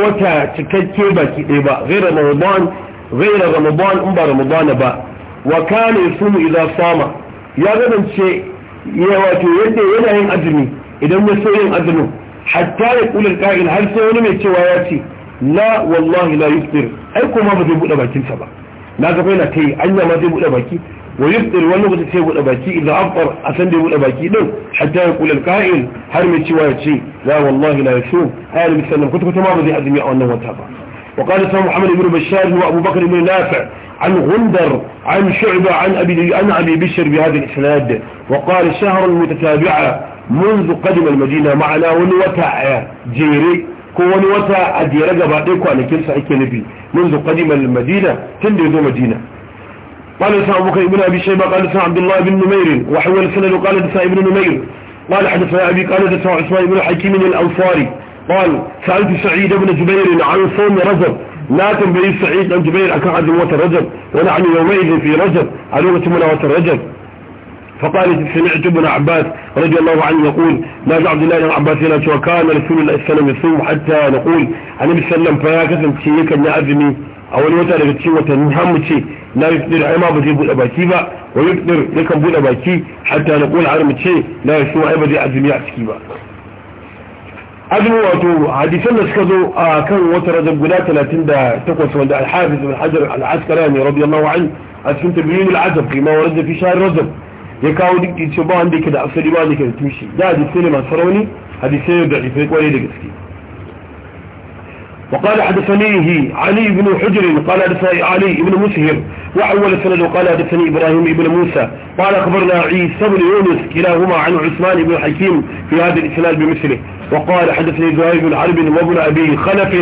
S1: وتا تكتبة غير رمضان غير رمضان أم رمضان با وكان يصوم إذا صام يا غدا شيء يا واتو يدي ولا أزمي إذا ما سوين أزمه حتى يقول القائل هل سوين من سواياتي la wallahi la yuftir ai kuma ba zai buɗe bakinsa ba na gaba yana ta yi anya ma zai buɗe baki wa yuftir wani lokaci sai buɗe baki idan afar a san da ya buɗe baki din hatta ya kulal ka'il har mai cewa ya ce la wallahi la yusuf ai alaihi sallam kwata kwata ma ba zai azumi a wannan wata ba وقال سيدنا محمد بن بشار وابو بكر بن نافع عن غندر عن شعبة عن أبي, عن أبي بشر بهذا الإسناد وقال شهر متتابعة منذ قدم المدينة معنا ونوتع جيري ko wani wata a jere gaba ɗaya kwanakinsa ake nufi min zu qadima madina tun da ya zo madina قال لسان أبو بكر بن أبي شيبة قال لسان عبد الله بن نمير وحول السند قال لسان ابن نمير قال حدثنا أبي قال لسان عثمان بن حكيم الأنصاري قال سألت سعيد بن جبير عن صوم رجب لا تنبئي سعيد بن جبير أكاد موت رجب ونحن يومئذ في رجب علومة مناوة رجب فقال سمعت ابن عباس رضي الله عنه يقول ما عبد الله بن عباس الى سوى كان رسول الله صلى الله عليه وسلم حتى نقول انا بسلم فيا كسن شيء كان يعزمي او ان وتر دكي وتن هم لا يقدر اي ما بده يبدا باكي با ويقدر يكن بدا باكي حتى نقول عرم شيء لا يشوع اي بده يعزمي على شيء با أجل وقت حديثا نسكدو آه، كان وتر ذا بقناة لاتن دا تقوى الحافظ بن حجر العسكراني رضي الله عنه أسكنت تبيين العزب فيما ورد في شهر رزب ya kawo duk da ba wanda yake da asali ba ne ke da tushe da hadisai ne masu rauni hadisi ne da ifai kwarai da gaske وقال حدثنيه علي بن حجر قال حدثني علي بن مسهر وأول سند قال حدثني إبراهيم بن موسى قال أخبرنا عيسى بن يونس كلاهما عن عثمان بن حكيم في هذا الإسناد بمثله وقال حدثني زهير بن حرب وابن أبي خلف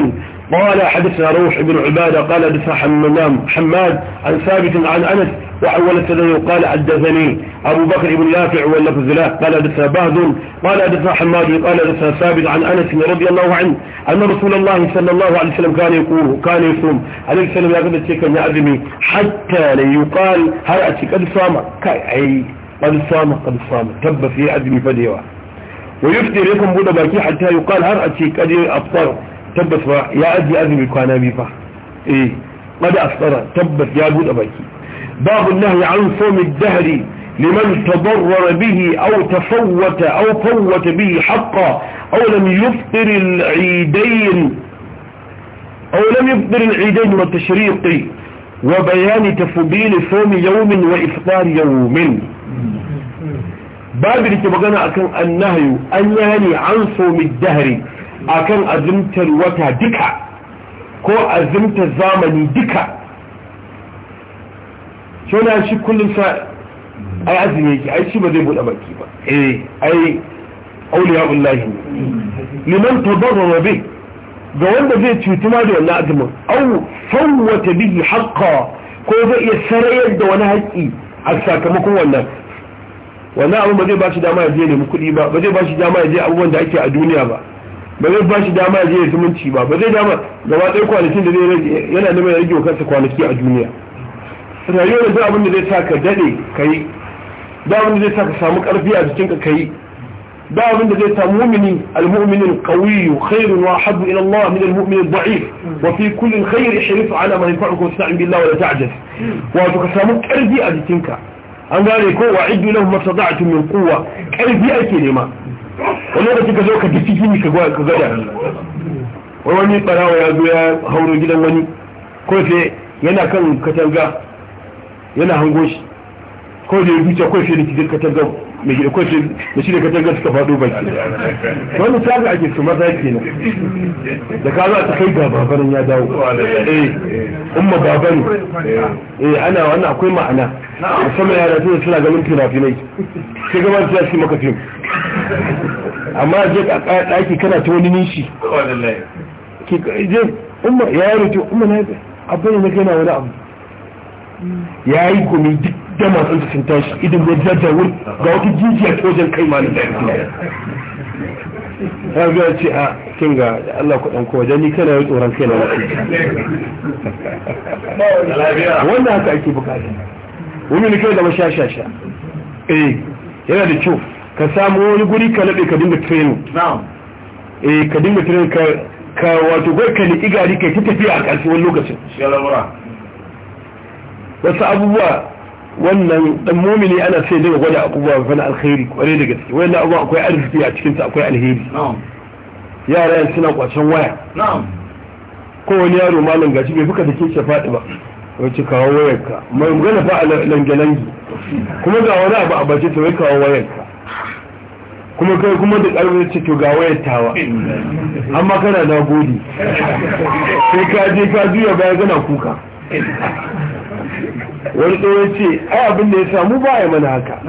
S1: قال حدثنا روح بن عبادة قال حدثنا حمام حماد عن ثابت عن أنس وحول التدين قال حدثني أبو بكر بن نافع واللفظ له قال حدثنا بهد قال حدثنا حماد قال حدثنا ثابت عن أنس رضي الله عنه أن رسول الله صلى الله عليه وسلم كان يقول كان يصوم عليه السلام يقول لك أن يعزمي حتى ليقال هل أتيك قد صام أي قد صام قد صام تب في عزمي فديوة ويفتي يكون بودا باكي حتى يقال هل أتيك قد أبطل tabbas ba ya aji azumi kwana biyu fa eh qada asara tabbas ya bude baki babu nahyi an sawmi dahri liman tadarrara bihi aw tafawata aw fawata bihi haqqan aw lam yufṭir al-'iidayn aw lam yufṭir al-'iidayn wa tashriqi wa bayan tafdil sawmi yawmin wa ifṭar yawmin babu da magana akan annahyu an yani an sawmi dahri akan azimtar wata duka ko azimtar zamani duka shona shi kullum sa ai azumi yake ai shi ba zai buɗe baki ba eh ai auliya ullahi liman tabarra bi ga wanda zai cuti ma da wannan azumin au fawwata bihi haqqa ko zai iya sarayar da wani haƙƙi a sakamakon wannan wannan abu ba zai ba shi dama ya je ne mu kuɗi ba ba zai ba shi dama ya je abubuwan da ake a duniya ba ba zai ba shi dama je ya zumunci ba ba zai dama gaba ɗaya kwanakin da zai rage yana neman ya rage wa kansa kwanaki a duniya rayuwar da abin da zai sa ka daɗe ka yi da abin da zai sa ka samu ƙarfi a jikinka ka yi da abin da zai sa mumini al-mu'min al khairun wa habbu ila Allah min al-mu'min al-da'if wa fi kulli khair sharif ala man yanfa'uka wasta'in billahi wa la ta'jaz wato ka samu ƙarfi a jikinka an gane ko wa iddu lahum masada'atun min quwwa ƙarfi ake nema
S2: wani
S1: da ka zo ka gisi gini ka gwada wai wani barawa ya zo ya hauro gidan wani ko sai yana kan katanga yana hango shi ko da ya zuce ko sai da cikin katangar mai gida kwace da shi da katangar suka faɗo ba baki wani tabi ake su maza nan
S2: da ka za ta kai ga babanin ya dawo eh umma baban eh ana wannan akwai
S1: ma'ana musamman yara tun suna ganin fina-finai sai gaba ta shi maka fim amma je ka ɗaki kana ta wani nishi je umma ya yi rute umma na abin da na gana wani abu ya yi kuma duk da masu da sun tashi idan ya jajjawul ga wata jijiya ta wajen kai ma da ya biya ce a kin ga Allah kuɗin ko wajen ni kana yi tsoron kai na wasu wanda haka ake bukata wani ne kai da shasha eh yana da kyau ka samu wani guri ka naɗe ka dinga training eh ka dinga training ka ka wato gwai ka niƙi gari kai ta tafiya a ƙarshe wani lokacin wasu abubuwa wannan dan mumini ana sai daga gwada abubuwa fa na alkhairi kware da gaske wannan abu akwai arziki a cikin sa akwai alheri yara suna kwacen waya ko wani yaro malam gashi bai fuka take shi fadi ba wace kawo wayarka mai magana fa lange lange kuma ga wani abu a bace sai wai kawo wayarka kuma kai kuma da ƙarfin ce to ga wayar tawa amma kana na gode sai ka je ka juya baya gana kuka wani ɗaya ce ai abin da ya samu ba ya mana haka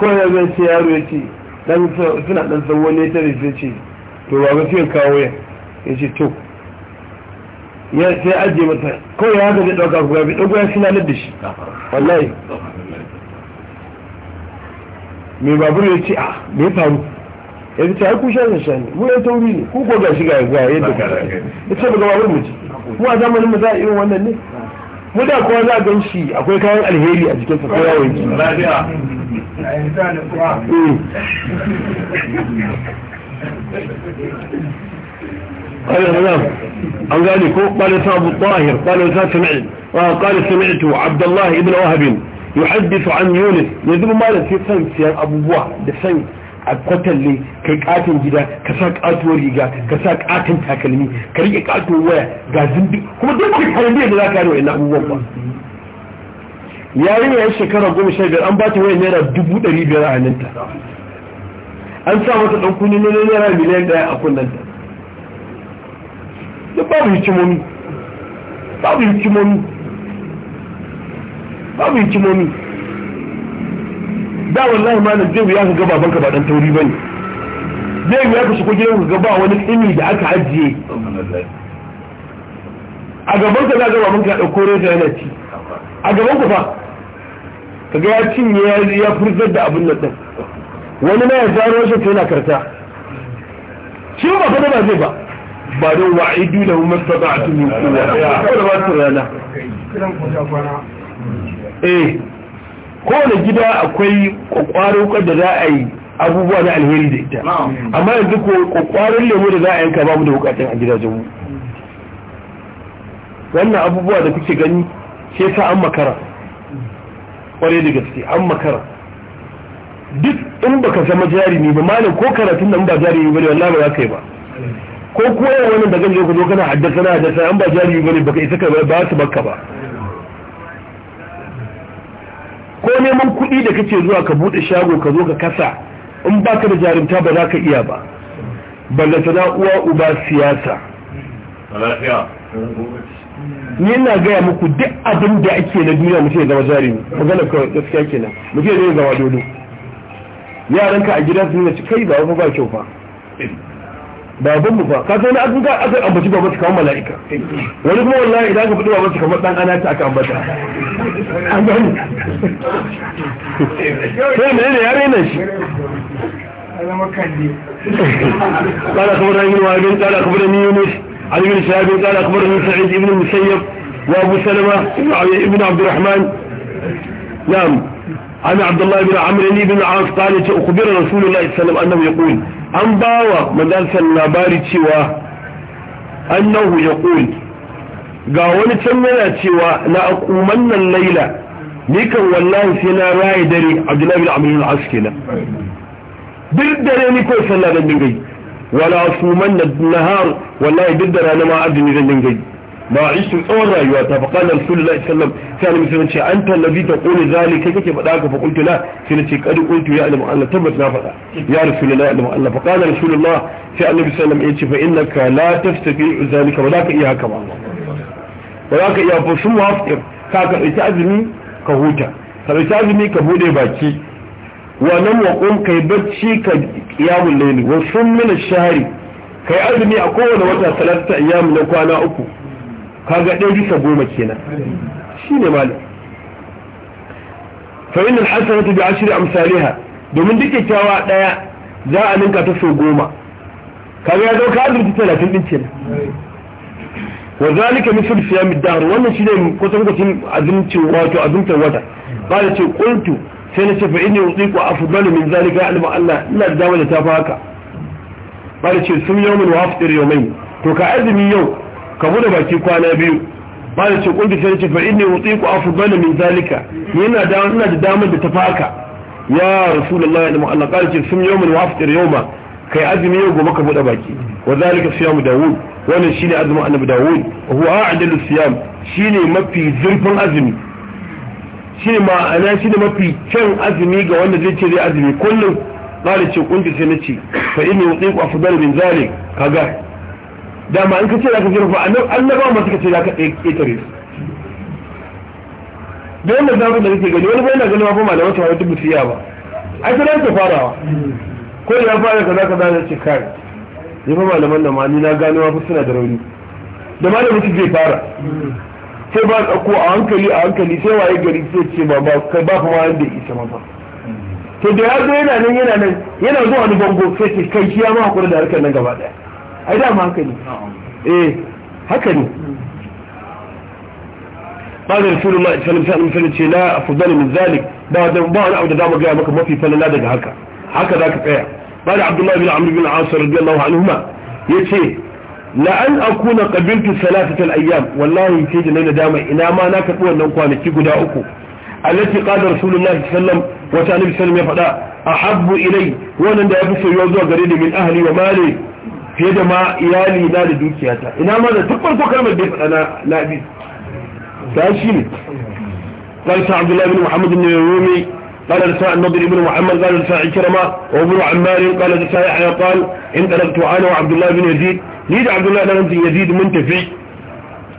S1: kawai ya zai ce yaro ya ce suna ɗan san wani ya rufe ce to ba ga fiye kawo ya ya ce to ya sai ajiye mata kawai ya haka zai ɗauka ku ya fi ɗauka ya sinanar da shi wallahi mai babur ya ce a ah, me faru ya ce ai ku sha shan shani mu ya tauri ne ku ko gashi ga ya yadda ka ya ce ba ga babur mu ce mu a zamanin mu za a irin wannan ne mu da za gan shi akwai kayan alheri a jikinsa ko yawon
S2: ki قال ذلك قال ثاب
S1: الطاهر قال سمعت قال سمعت عبد الله ابن وهب يحدث عن يونس يذب مالا في سنس أبو بوه a kwatalle kai katin gida ka sa katuwar riga ka sa katin takalmi ka rike katuwar waya ga zindi kuma duk da tarbiyyar da za ka yi wa abubuwan ba yayin yayin shekara goma sha biyar an ba ta waya naira dubu ɗari biyar a ta. an sa mata ɗan kuni na naira miliyan ɗaya a ta. da babu hikimomi babu hikimomi babu hikimomi da wallahi na zai wuya ka ga babanka ba dan tauri bane zai wuya ka shigo gidan ka ga ba wani tsimi da aka ajiye a gaban ka za ga babanka ya dauko reta yana ci a gaban ka fa ga ya cinye ya furzar da abin nan din wani ma ya jaro shi ta yana karta shi ba fa ba zai ba ba don wa'idu da kuma sabatu min kuwa ya ba ta rana eh kowane gida akwai kwakwaron da za a yi abubuwa na alheri da ita amma yanzu ko kwakwaron lemu da za a yanka ba mu da bukatun a gidajenmu wannan abubuwa da kuke gani sai sa an makara kwarai da gaske an makara duk in baka zama ne ba malam ko karatun nan ba jarumi ba wallahi ba za ka yi ba ko koyarwa wannan da zan je ku zo kana haddasa na haddasa an ba jari ne baka isa ka ba su baka ba ko neman kuɗi da kake zuwa ka buɗe shago ka zo ka kasa in baka da jarumta ba za ka iya ba ballata na uwa uba siyasa ni ina gaya muku duk abin da ake na duniya mutu ya zama jarumi magana kawai gaskiya kenan mutum ya zama dodo yaranka a gida su nuna ci kai ba wani ba kyau fa baban mu ba ka sai na an ga aka ambaci baban su kamar mala'ika wani kuma wallahi idan ka fadi baban su kamar dan ana ta aka ambata an gani
S2: sai ne shi قال أخبرني
S1: ابن يونس عن ابن شهاب قال أخبرني سعيد بن المسيب وأبو سلمة ابن عبد الرحمن نعم عن عبد الله بن عمرو بن العاص قال أخبر رسول الله صلى الله عليه وسلم أنه يقول an ba wa manzansa labari cewa annahu ya ga wani can yana cewa na akumannan laila ni kan wallahi sai na raye dare abdullahi bin amrul as kenan duk dare ni kawai sallah da dingai wala asuman nahar wallahi duk dare na ma azumi da dingai ba a ishin tsawon rayuwa ta faƙa na sallam sai annabi sallam ce an tallabi ta ƙone zali kai kake faɗa ka faƙultu na sai na ce ƙadu ƙultu ya alamu allah tabbas na faɗa ya rasulullah alamu allah faƙa na rasulullah sai annabi sallam ya ce fa inna ka la tastafi zalika ba za ka iya haka ba ba ka iya ba sun wafir ka azumi ka huta ka ɗauki azumi ka buɗe baki wannan waƙon kai bacci ka ƙiyamun wasu kai azumi a kowane wata talata ayyamu na kwana uku kaga ɗaya bisa goma kenan shi ne malam fa'in alhassanatu bi ashri amsalha domin duk kyakkyawa ɗaya za a ninka ta so goma kaga ya ka azurci talatin ɗin kenan wa zalika misal siyam ad-dahr wannan shine kusan kusan azumci wato azumtar wata ba da ce qultu sai na ce fa inni utiqu afdalu min zalika alma Allah ina da dama da ta fa haka ba da ce sun yawmin wa aftir yawmain to ka azumi yau ka bude baki kwana biyu ba da ce kungi sai ce fa inni utiku afdala min zalika yana da ina da damar da ta faka ya rasulullahi da mu'alla qala ce sum yawman wa aftir yawma kai azumi yau goma ka bude baki wa zalika siyamu dawud wannan shine azumin annabi dawud huwa a'dalu siyam shine mafi zurfin azumi shine ma'ana shine mafi kyan azumi ga wanda zai ce zai azumi kullum Ba qala ce kungi sai ce. fa inni utiku afdala min zalika. kaga dama in ka ce zaka girma annaba ma ka ce zaka ƙetare su da za ku da nake gani wani bayan gani mafi malamai malaman tawari duk musiya ba ai sanar ta farawa ko da ya fara kaza kaza da ce kai ya fi malaman da ma ni na gano mafi suna da rauni da da mutu zai fara sai ba tsakko a hankali a hankali sai waye gari sai ce ba ba kai ba kuma wanda isa ma ba to da ya zo yana nan yana nan yana zuwa wani bango sai ce kai shi ya ma hakuri da harkar nan gaba ɗaya. a dama haka ne eh haka ne ba da rasu ce na fuzari min zalik ba wani abu da dama gaya maka mafi falala daga haka haka za ka tsaya ba da abdullahi bin amir bin asar radiyallahu anhu ma ya ce la'an akuna qabiltu salatatal ayyam wallahi ke da nan dama ina ma na karbi wannan kwanaki guda uku allati qala rasulullahi sallallahu alaihi wasallam wa ta'ala bi sallam ya fada ahabbu ilay wannan da ya fi soyuwa zuwa gare ni a ahli wa mali fiye da ma iyali na da dukiyata ina ma da tabbar ko kalmar da ya faɗa na abi ta shi ne قال عبد الله بن محمد بن الرومي قال رساء النضر بن محمد قال رساء عكرمة وابن عمار قال رساء يحيى قال انطلقت انا وعبد الله بن يزيد نيد عبد الله بن يزيد منتفي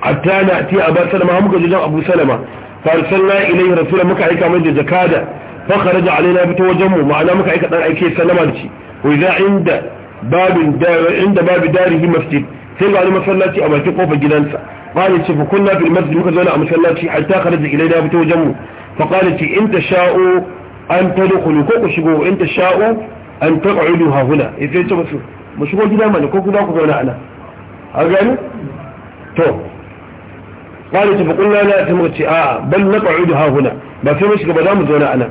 S1: حتى نأتي أبا سلمة هم قد أبو سلمة فارسلنا إليه رسولا مكعيكا من زكادة فخرج علينا بتوجمه معنا مكعيكا تنعيكي سلمة وإذا عند babin inda babu darihi masjid sai ga wani masallaci a bakin kofar gidansa qala ce fa kunna fil masjid muka zauna a masallaci hatta kharaja ilayna fito wajen mu fa qala ce in tasha'u an tadkhulu ko ku shigo in tasha'u an taq'udu ha huna sai ce musu mu shigo gida mana ko kuma ku zauna ana a gani to qala ce fa kunna la ta muka ce a bal naq'udu ha huna ba sai mu shiga ba za mu zauna ana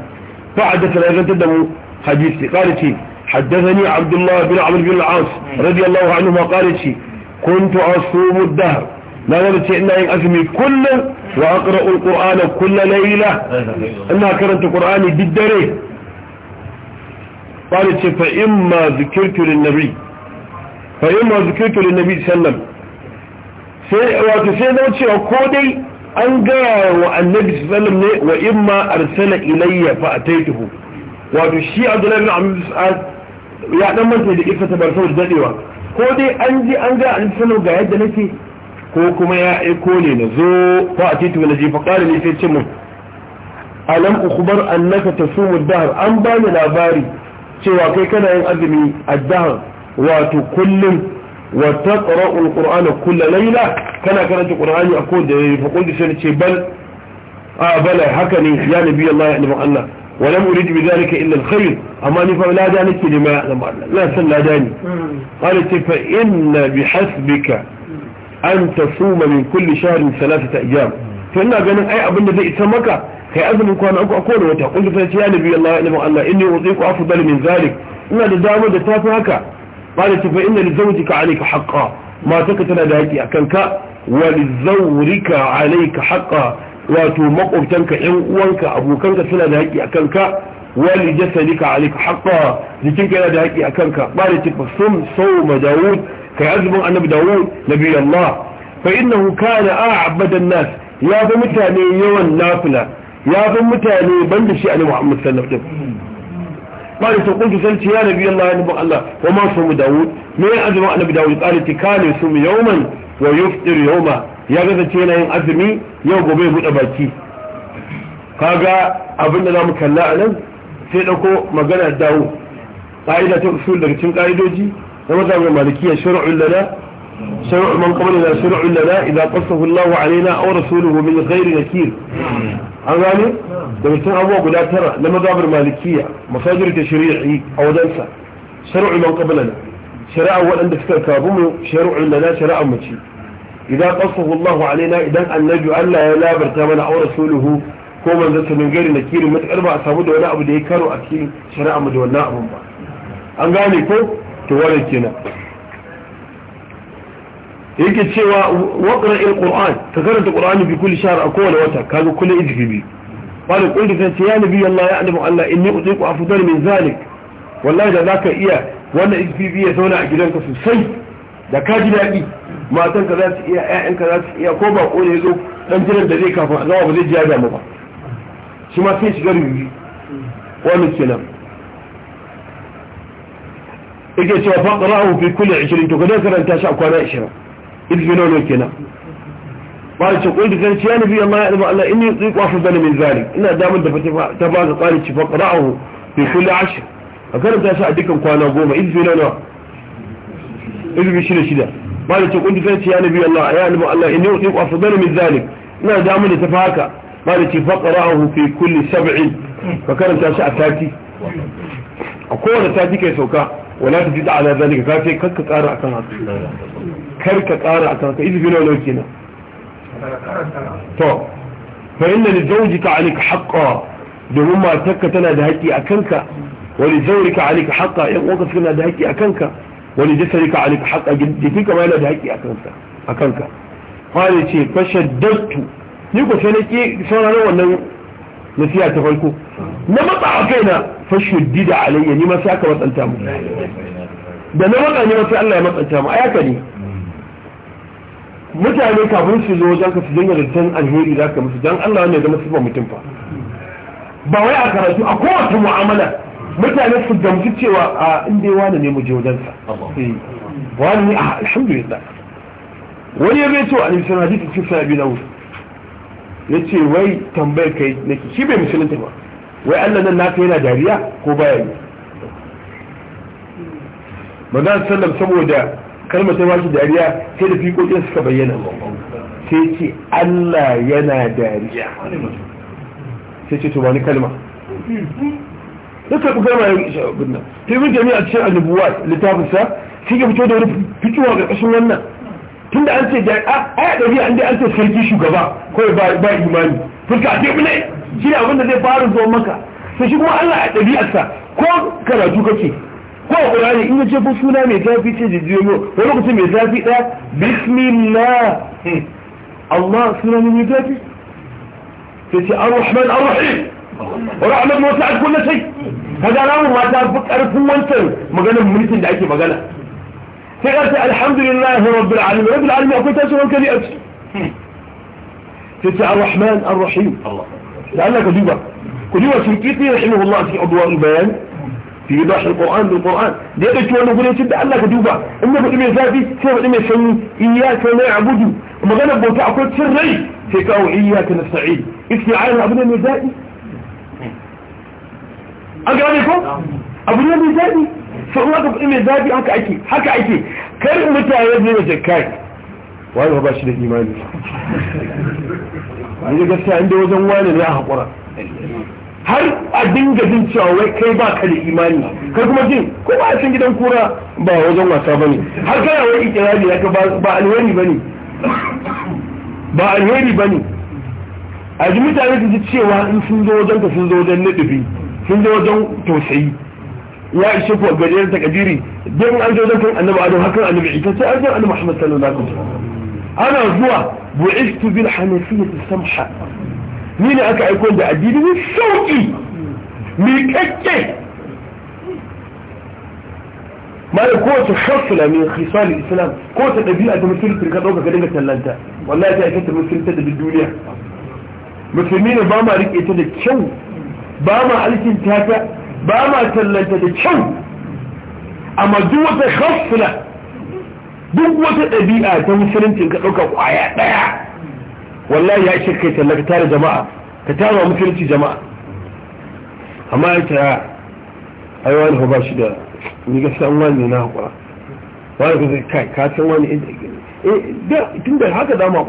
S1: fa haddathana zantar da mu hadisi qala ce حدثني عبد الله بن عمرو بن العاص رضي الله عنهما قال كنت أصوم الدهر لا ورتعنا إن أزمي كله وأقرأ القرآن كل ليلة أنها كرنت قرآني بالدري قال فإما ذكرت للنبي فإما ذكرت للنبي صلى الله عليه وسلم وتسيدنا وتسيدنا وكودي an gaya wa annabi sallam ne wa imma arsala ارسل fa فاتيته wato shi abdullahi ibn ya dan manta da ifata bar sau dadewa ko dai an ji an ga an sanu ga yadda nake ko kuma ya aiko ne na zo fa a titi wani jifa ƙari ne sai ce mun alam ukhbar annaka tasumu dahar an bani labari cewa kai kana yin azumi ad-dahr wato kullum wa taqra'u al-qur'ana kulla layla kana karanta qur'ani a kowace da fa kullu sai ce bal a bala haka ne ya nabi Allah ya nabi Allah ولم أريد بذلك إلا الخير أما فلا لا دانك لما لا سن لا داني قالت فإن بحسبك أن تصوم من كل شهر ثلاثة أيام فإن أبنى أي أبن ذي إسمك كي أذن كان أكو أكون وتقول فلت يا نبي الله إنما أن إني أضيق أفضل من ذلك إن لدامة تافي هكا قالت فإن لزوجك عليك حقا ما تكتنا ذلك أكنك ولزورك عليك حقا wato makwabtanka yan uwanka abokanka suna da haƙƙi akan ka wali jasadika alika haqqa jikinka yana da haƙƙi akan ka bari tifa sum sawma daud kai azumin annabi daud nabi allah fa innahu kana a'bada an-nas ya fi mutane yawan nafila ya fi mutane banda shi annabi muhammad sallallahu alaihi wasallam bari ta kuntu salci ya nabi allah ya nabi allah wa ma sawmu daud me azumin annabi daud qala tikale sum yawman wa yufṭir yawma ya kasance yana yin azumi yau gobe buɗe baki kaga abinda za mu kalla a nan sai ɗauko magana dawo ƙa'ida ta usul daga cikin ƙa'idoji na mazhabin malikiya shar'un lana shar'u man qablana shar'un lana idan qasahu Allahu alaina aw rasuluhu min ghairi nakir an gane daga cikin abubuwa guda tara na mazhabin malikiya masajir ta shari'i a wajensa shar'u man qablana shari'a waɗanda suka kafu mu shar'un lana shari'a mu idan qasahu Allah alaina idan annabi Allah ya labarta mana aure rasuluhu ko manzo ta min gari nakiri matakar ba a samu da wani abu da ya karo a cikin shari'a mu da wannan abun ba an gane ko to wani kenan yake cewa waqra qur'an ka karanta qur'ani bi kulli shahr a kowane wata kaga kullu ijribi qala qultu ce ya nabi Allah ya alimu Allah inni utiqu afdal min zalik wallahi da zaka iya wannan ijribi ya zauna a gidanka sosai da ka ji dadi matan ka za su iya ƴaƴan ka za su iya ko ba ko ne zo dan jiran da zai kafin a zama ba zai ji ya damu ba shi ma sai shiga rubi wani kenan yake cewa faqra'u fi kulli 20 to kada karanta shi a kwana 20 idfi nono kenan ba ce kulli kan ce ya nabi Allah ya alba Allah inni yuziqu afdal min zalik ina damar da ta ba ga kwani ci faqra'u fi kulli 10 a karanta shi a dukkan kwana 10 idfi nono idfi shida shida bani ce kun ji zai ya nabi Allah ya nabi Allah in yau tsiku a su zana min zalik ina da mu da tafi haka bani ce faƙara a hufi kulli sab'in karanta shi a tati a kowane tati kai sauka wala ta jita ala zalik ka ce kar ka ƙara akan haka kar ka ƙara akan haka izi bin wani kenan to fa inna li zawjika alika haqqa domin matarka tana da haƙƙi akan ka wa li zawrika alika haqqa yan uwanka suna da haƙƙi akan ka wani jisari ka alika haƙa jikin ka yana da haƙi a kanka fara ce fashe dattu ni ko sai na ƙi sauraron wannan nasiya ta farko na matsa a kaina fashe dida alayya ni masu aka matsanta mu da na matsa ni masu Allah ya matsanta mu ayaka ne mutane kafin su zo wajen ka su dinga da tan alheri za ka musu don Allah ne zama sifan mutum fa ba wai a karatu a kowace mu'amala mutane su gamsu cewa a inda ya wani ne mu je wajensa eh, wani ne a alhamdulillah wani ya zai cewa annabi sallallahu alaihi cikin hadisi na wuce ya ce wai tambayar kai nake shi bai musulunta ba wai Allah nan naka yana dariya ko baya yi manzon sallam saboda kalmar ta bashi dariya sai da fiƙoƙin suka bayyana sai ce Allah yana dariya sai ce to wani kalma ya karɓi gama ya isa abin nan ta yi jami'a a cikin annabuwa littafinsa sai ya fito da wani fitowa ga ƙasun wannan tun da an ce da a ya ɗari an da an ce sarki shugaba kawai ba imani fuska a teɓi ne shi ne abin da zai fara zuwa maka sai shi kuma allah a ɗabi'arsa ko karatu kake ko a ƙurani in ya ce ko suna mai zafi ce jijiyoyi wani lokacin mai zafi ɗaya bismillah allah suna mai zafi sai ce ar-rahman ar-rahim ورحمة وسعت كل شيء kaga mata ma fi karfin wancan maganar mulkin da ake magana sai ka ce alhamdulillahi rabbil alamin rabbil alamin akwai tashin hankali a ciki sai ce ar-rahman ar da Allah ka duba ku duba shi kiti rahimahu Allah fi adwa al bayan fi yudash al-qur'an bil qur'an da ya dauki wannan gurin da Allah ka duba in ba kudi mai zafi sai kudi mai sanyi iyyaka na'budu magana bauta akwai cin rai sai kawo iyyaka nasta'in isti'ana abin mai zafi an gane ko abu ne mai zaɓi sau aka kuɗi mai zaɓi haka ake haka ake kar mutane ne da jakai wani ba shi da imani an yi gaskiya inda wajen wani ne a haƙura har a dinga jin cewa wai kai ba ka da imani kai kuma jin ko ba a cikin gidan kura ba wajen wasa ba ne har kana wani ikirari ya ba alheri ba ne ba alheri ba ne a ji mutane su ji cewa in sun zo wajen ka sun zo wajen naɗubi sun je wajen tausayi ya ishe ku gajeren takadiri don an zo kan annabi adam hakan annabi ita sai an zo annabi Muhammad sallallahu alaihi wasallam ana zuwa bu'istu bil hanafiyyati samha ni ne aka aiko da addini ne
S2: sauki mi kakke
S1: ma da kowace shafula min khisal islam kowace dabi'a da musulmi ka dauka ka dinga tallanta wallahi ta aikata musulmi ta da duniya musulmi ne ba ma rike ta da kyau ba ma alkinta ta ba ma tallanta da kyau amma duk wata khasla duk wata ɗabi'a ta musulunci ka ɗauka ƙwaya ɗaya wallahi ya ishe kai talla ka tara jama'a ka tara musulunci jama'a amma ya ta aiwa da ba shi da ni ga san wani
S2: na haƙura wani ka kai ka san wani inda eh, tun da haka dama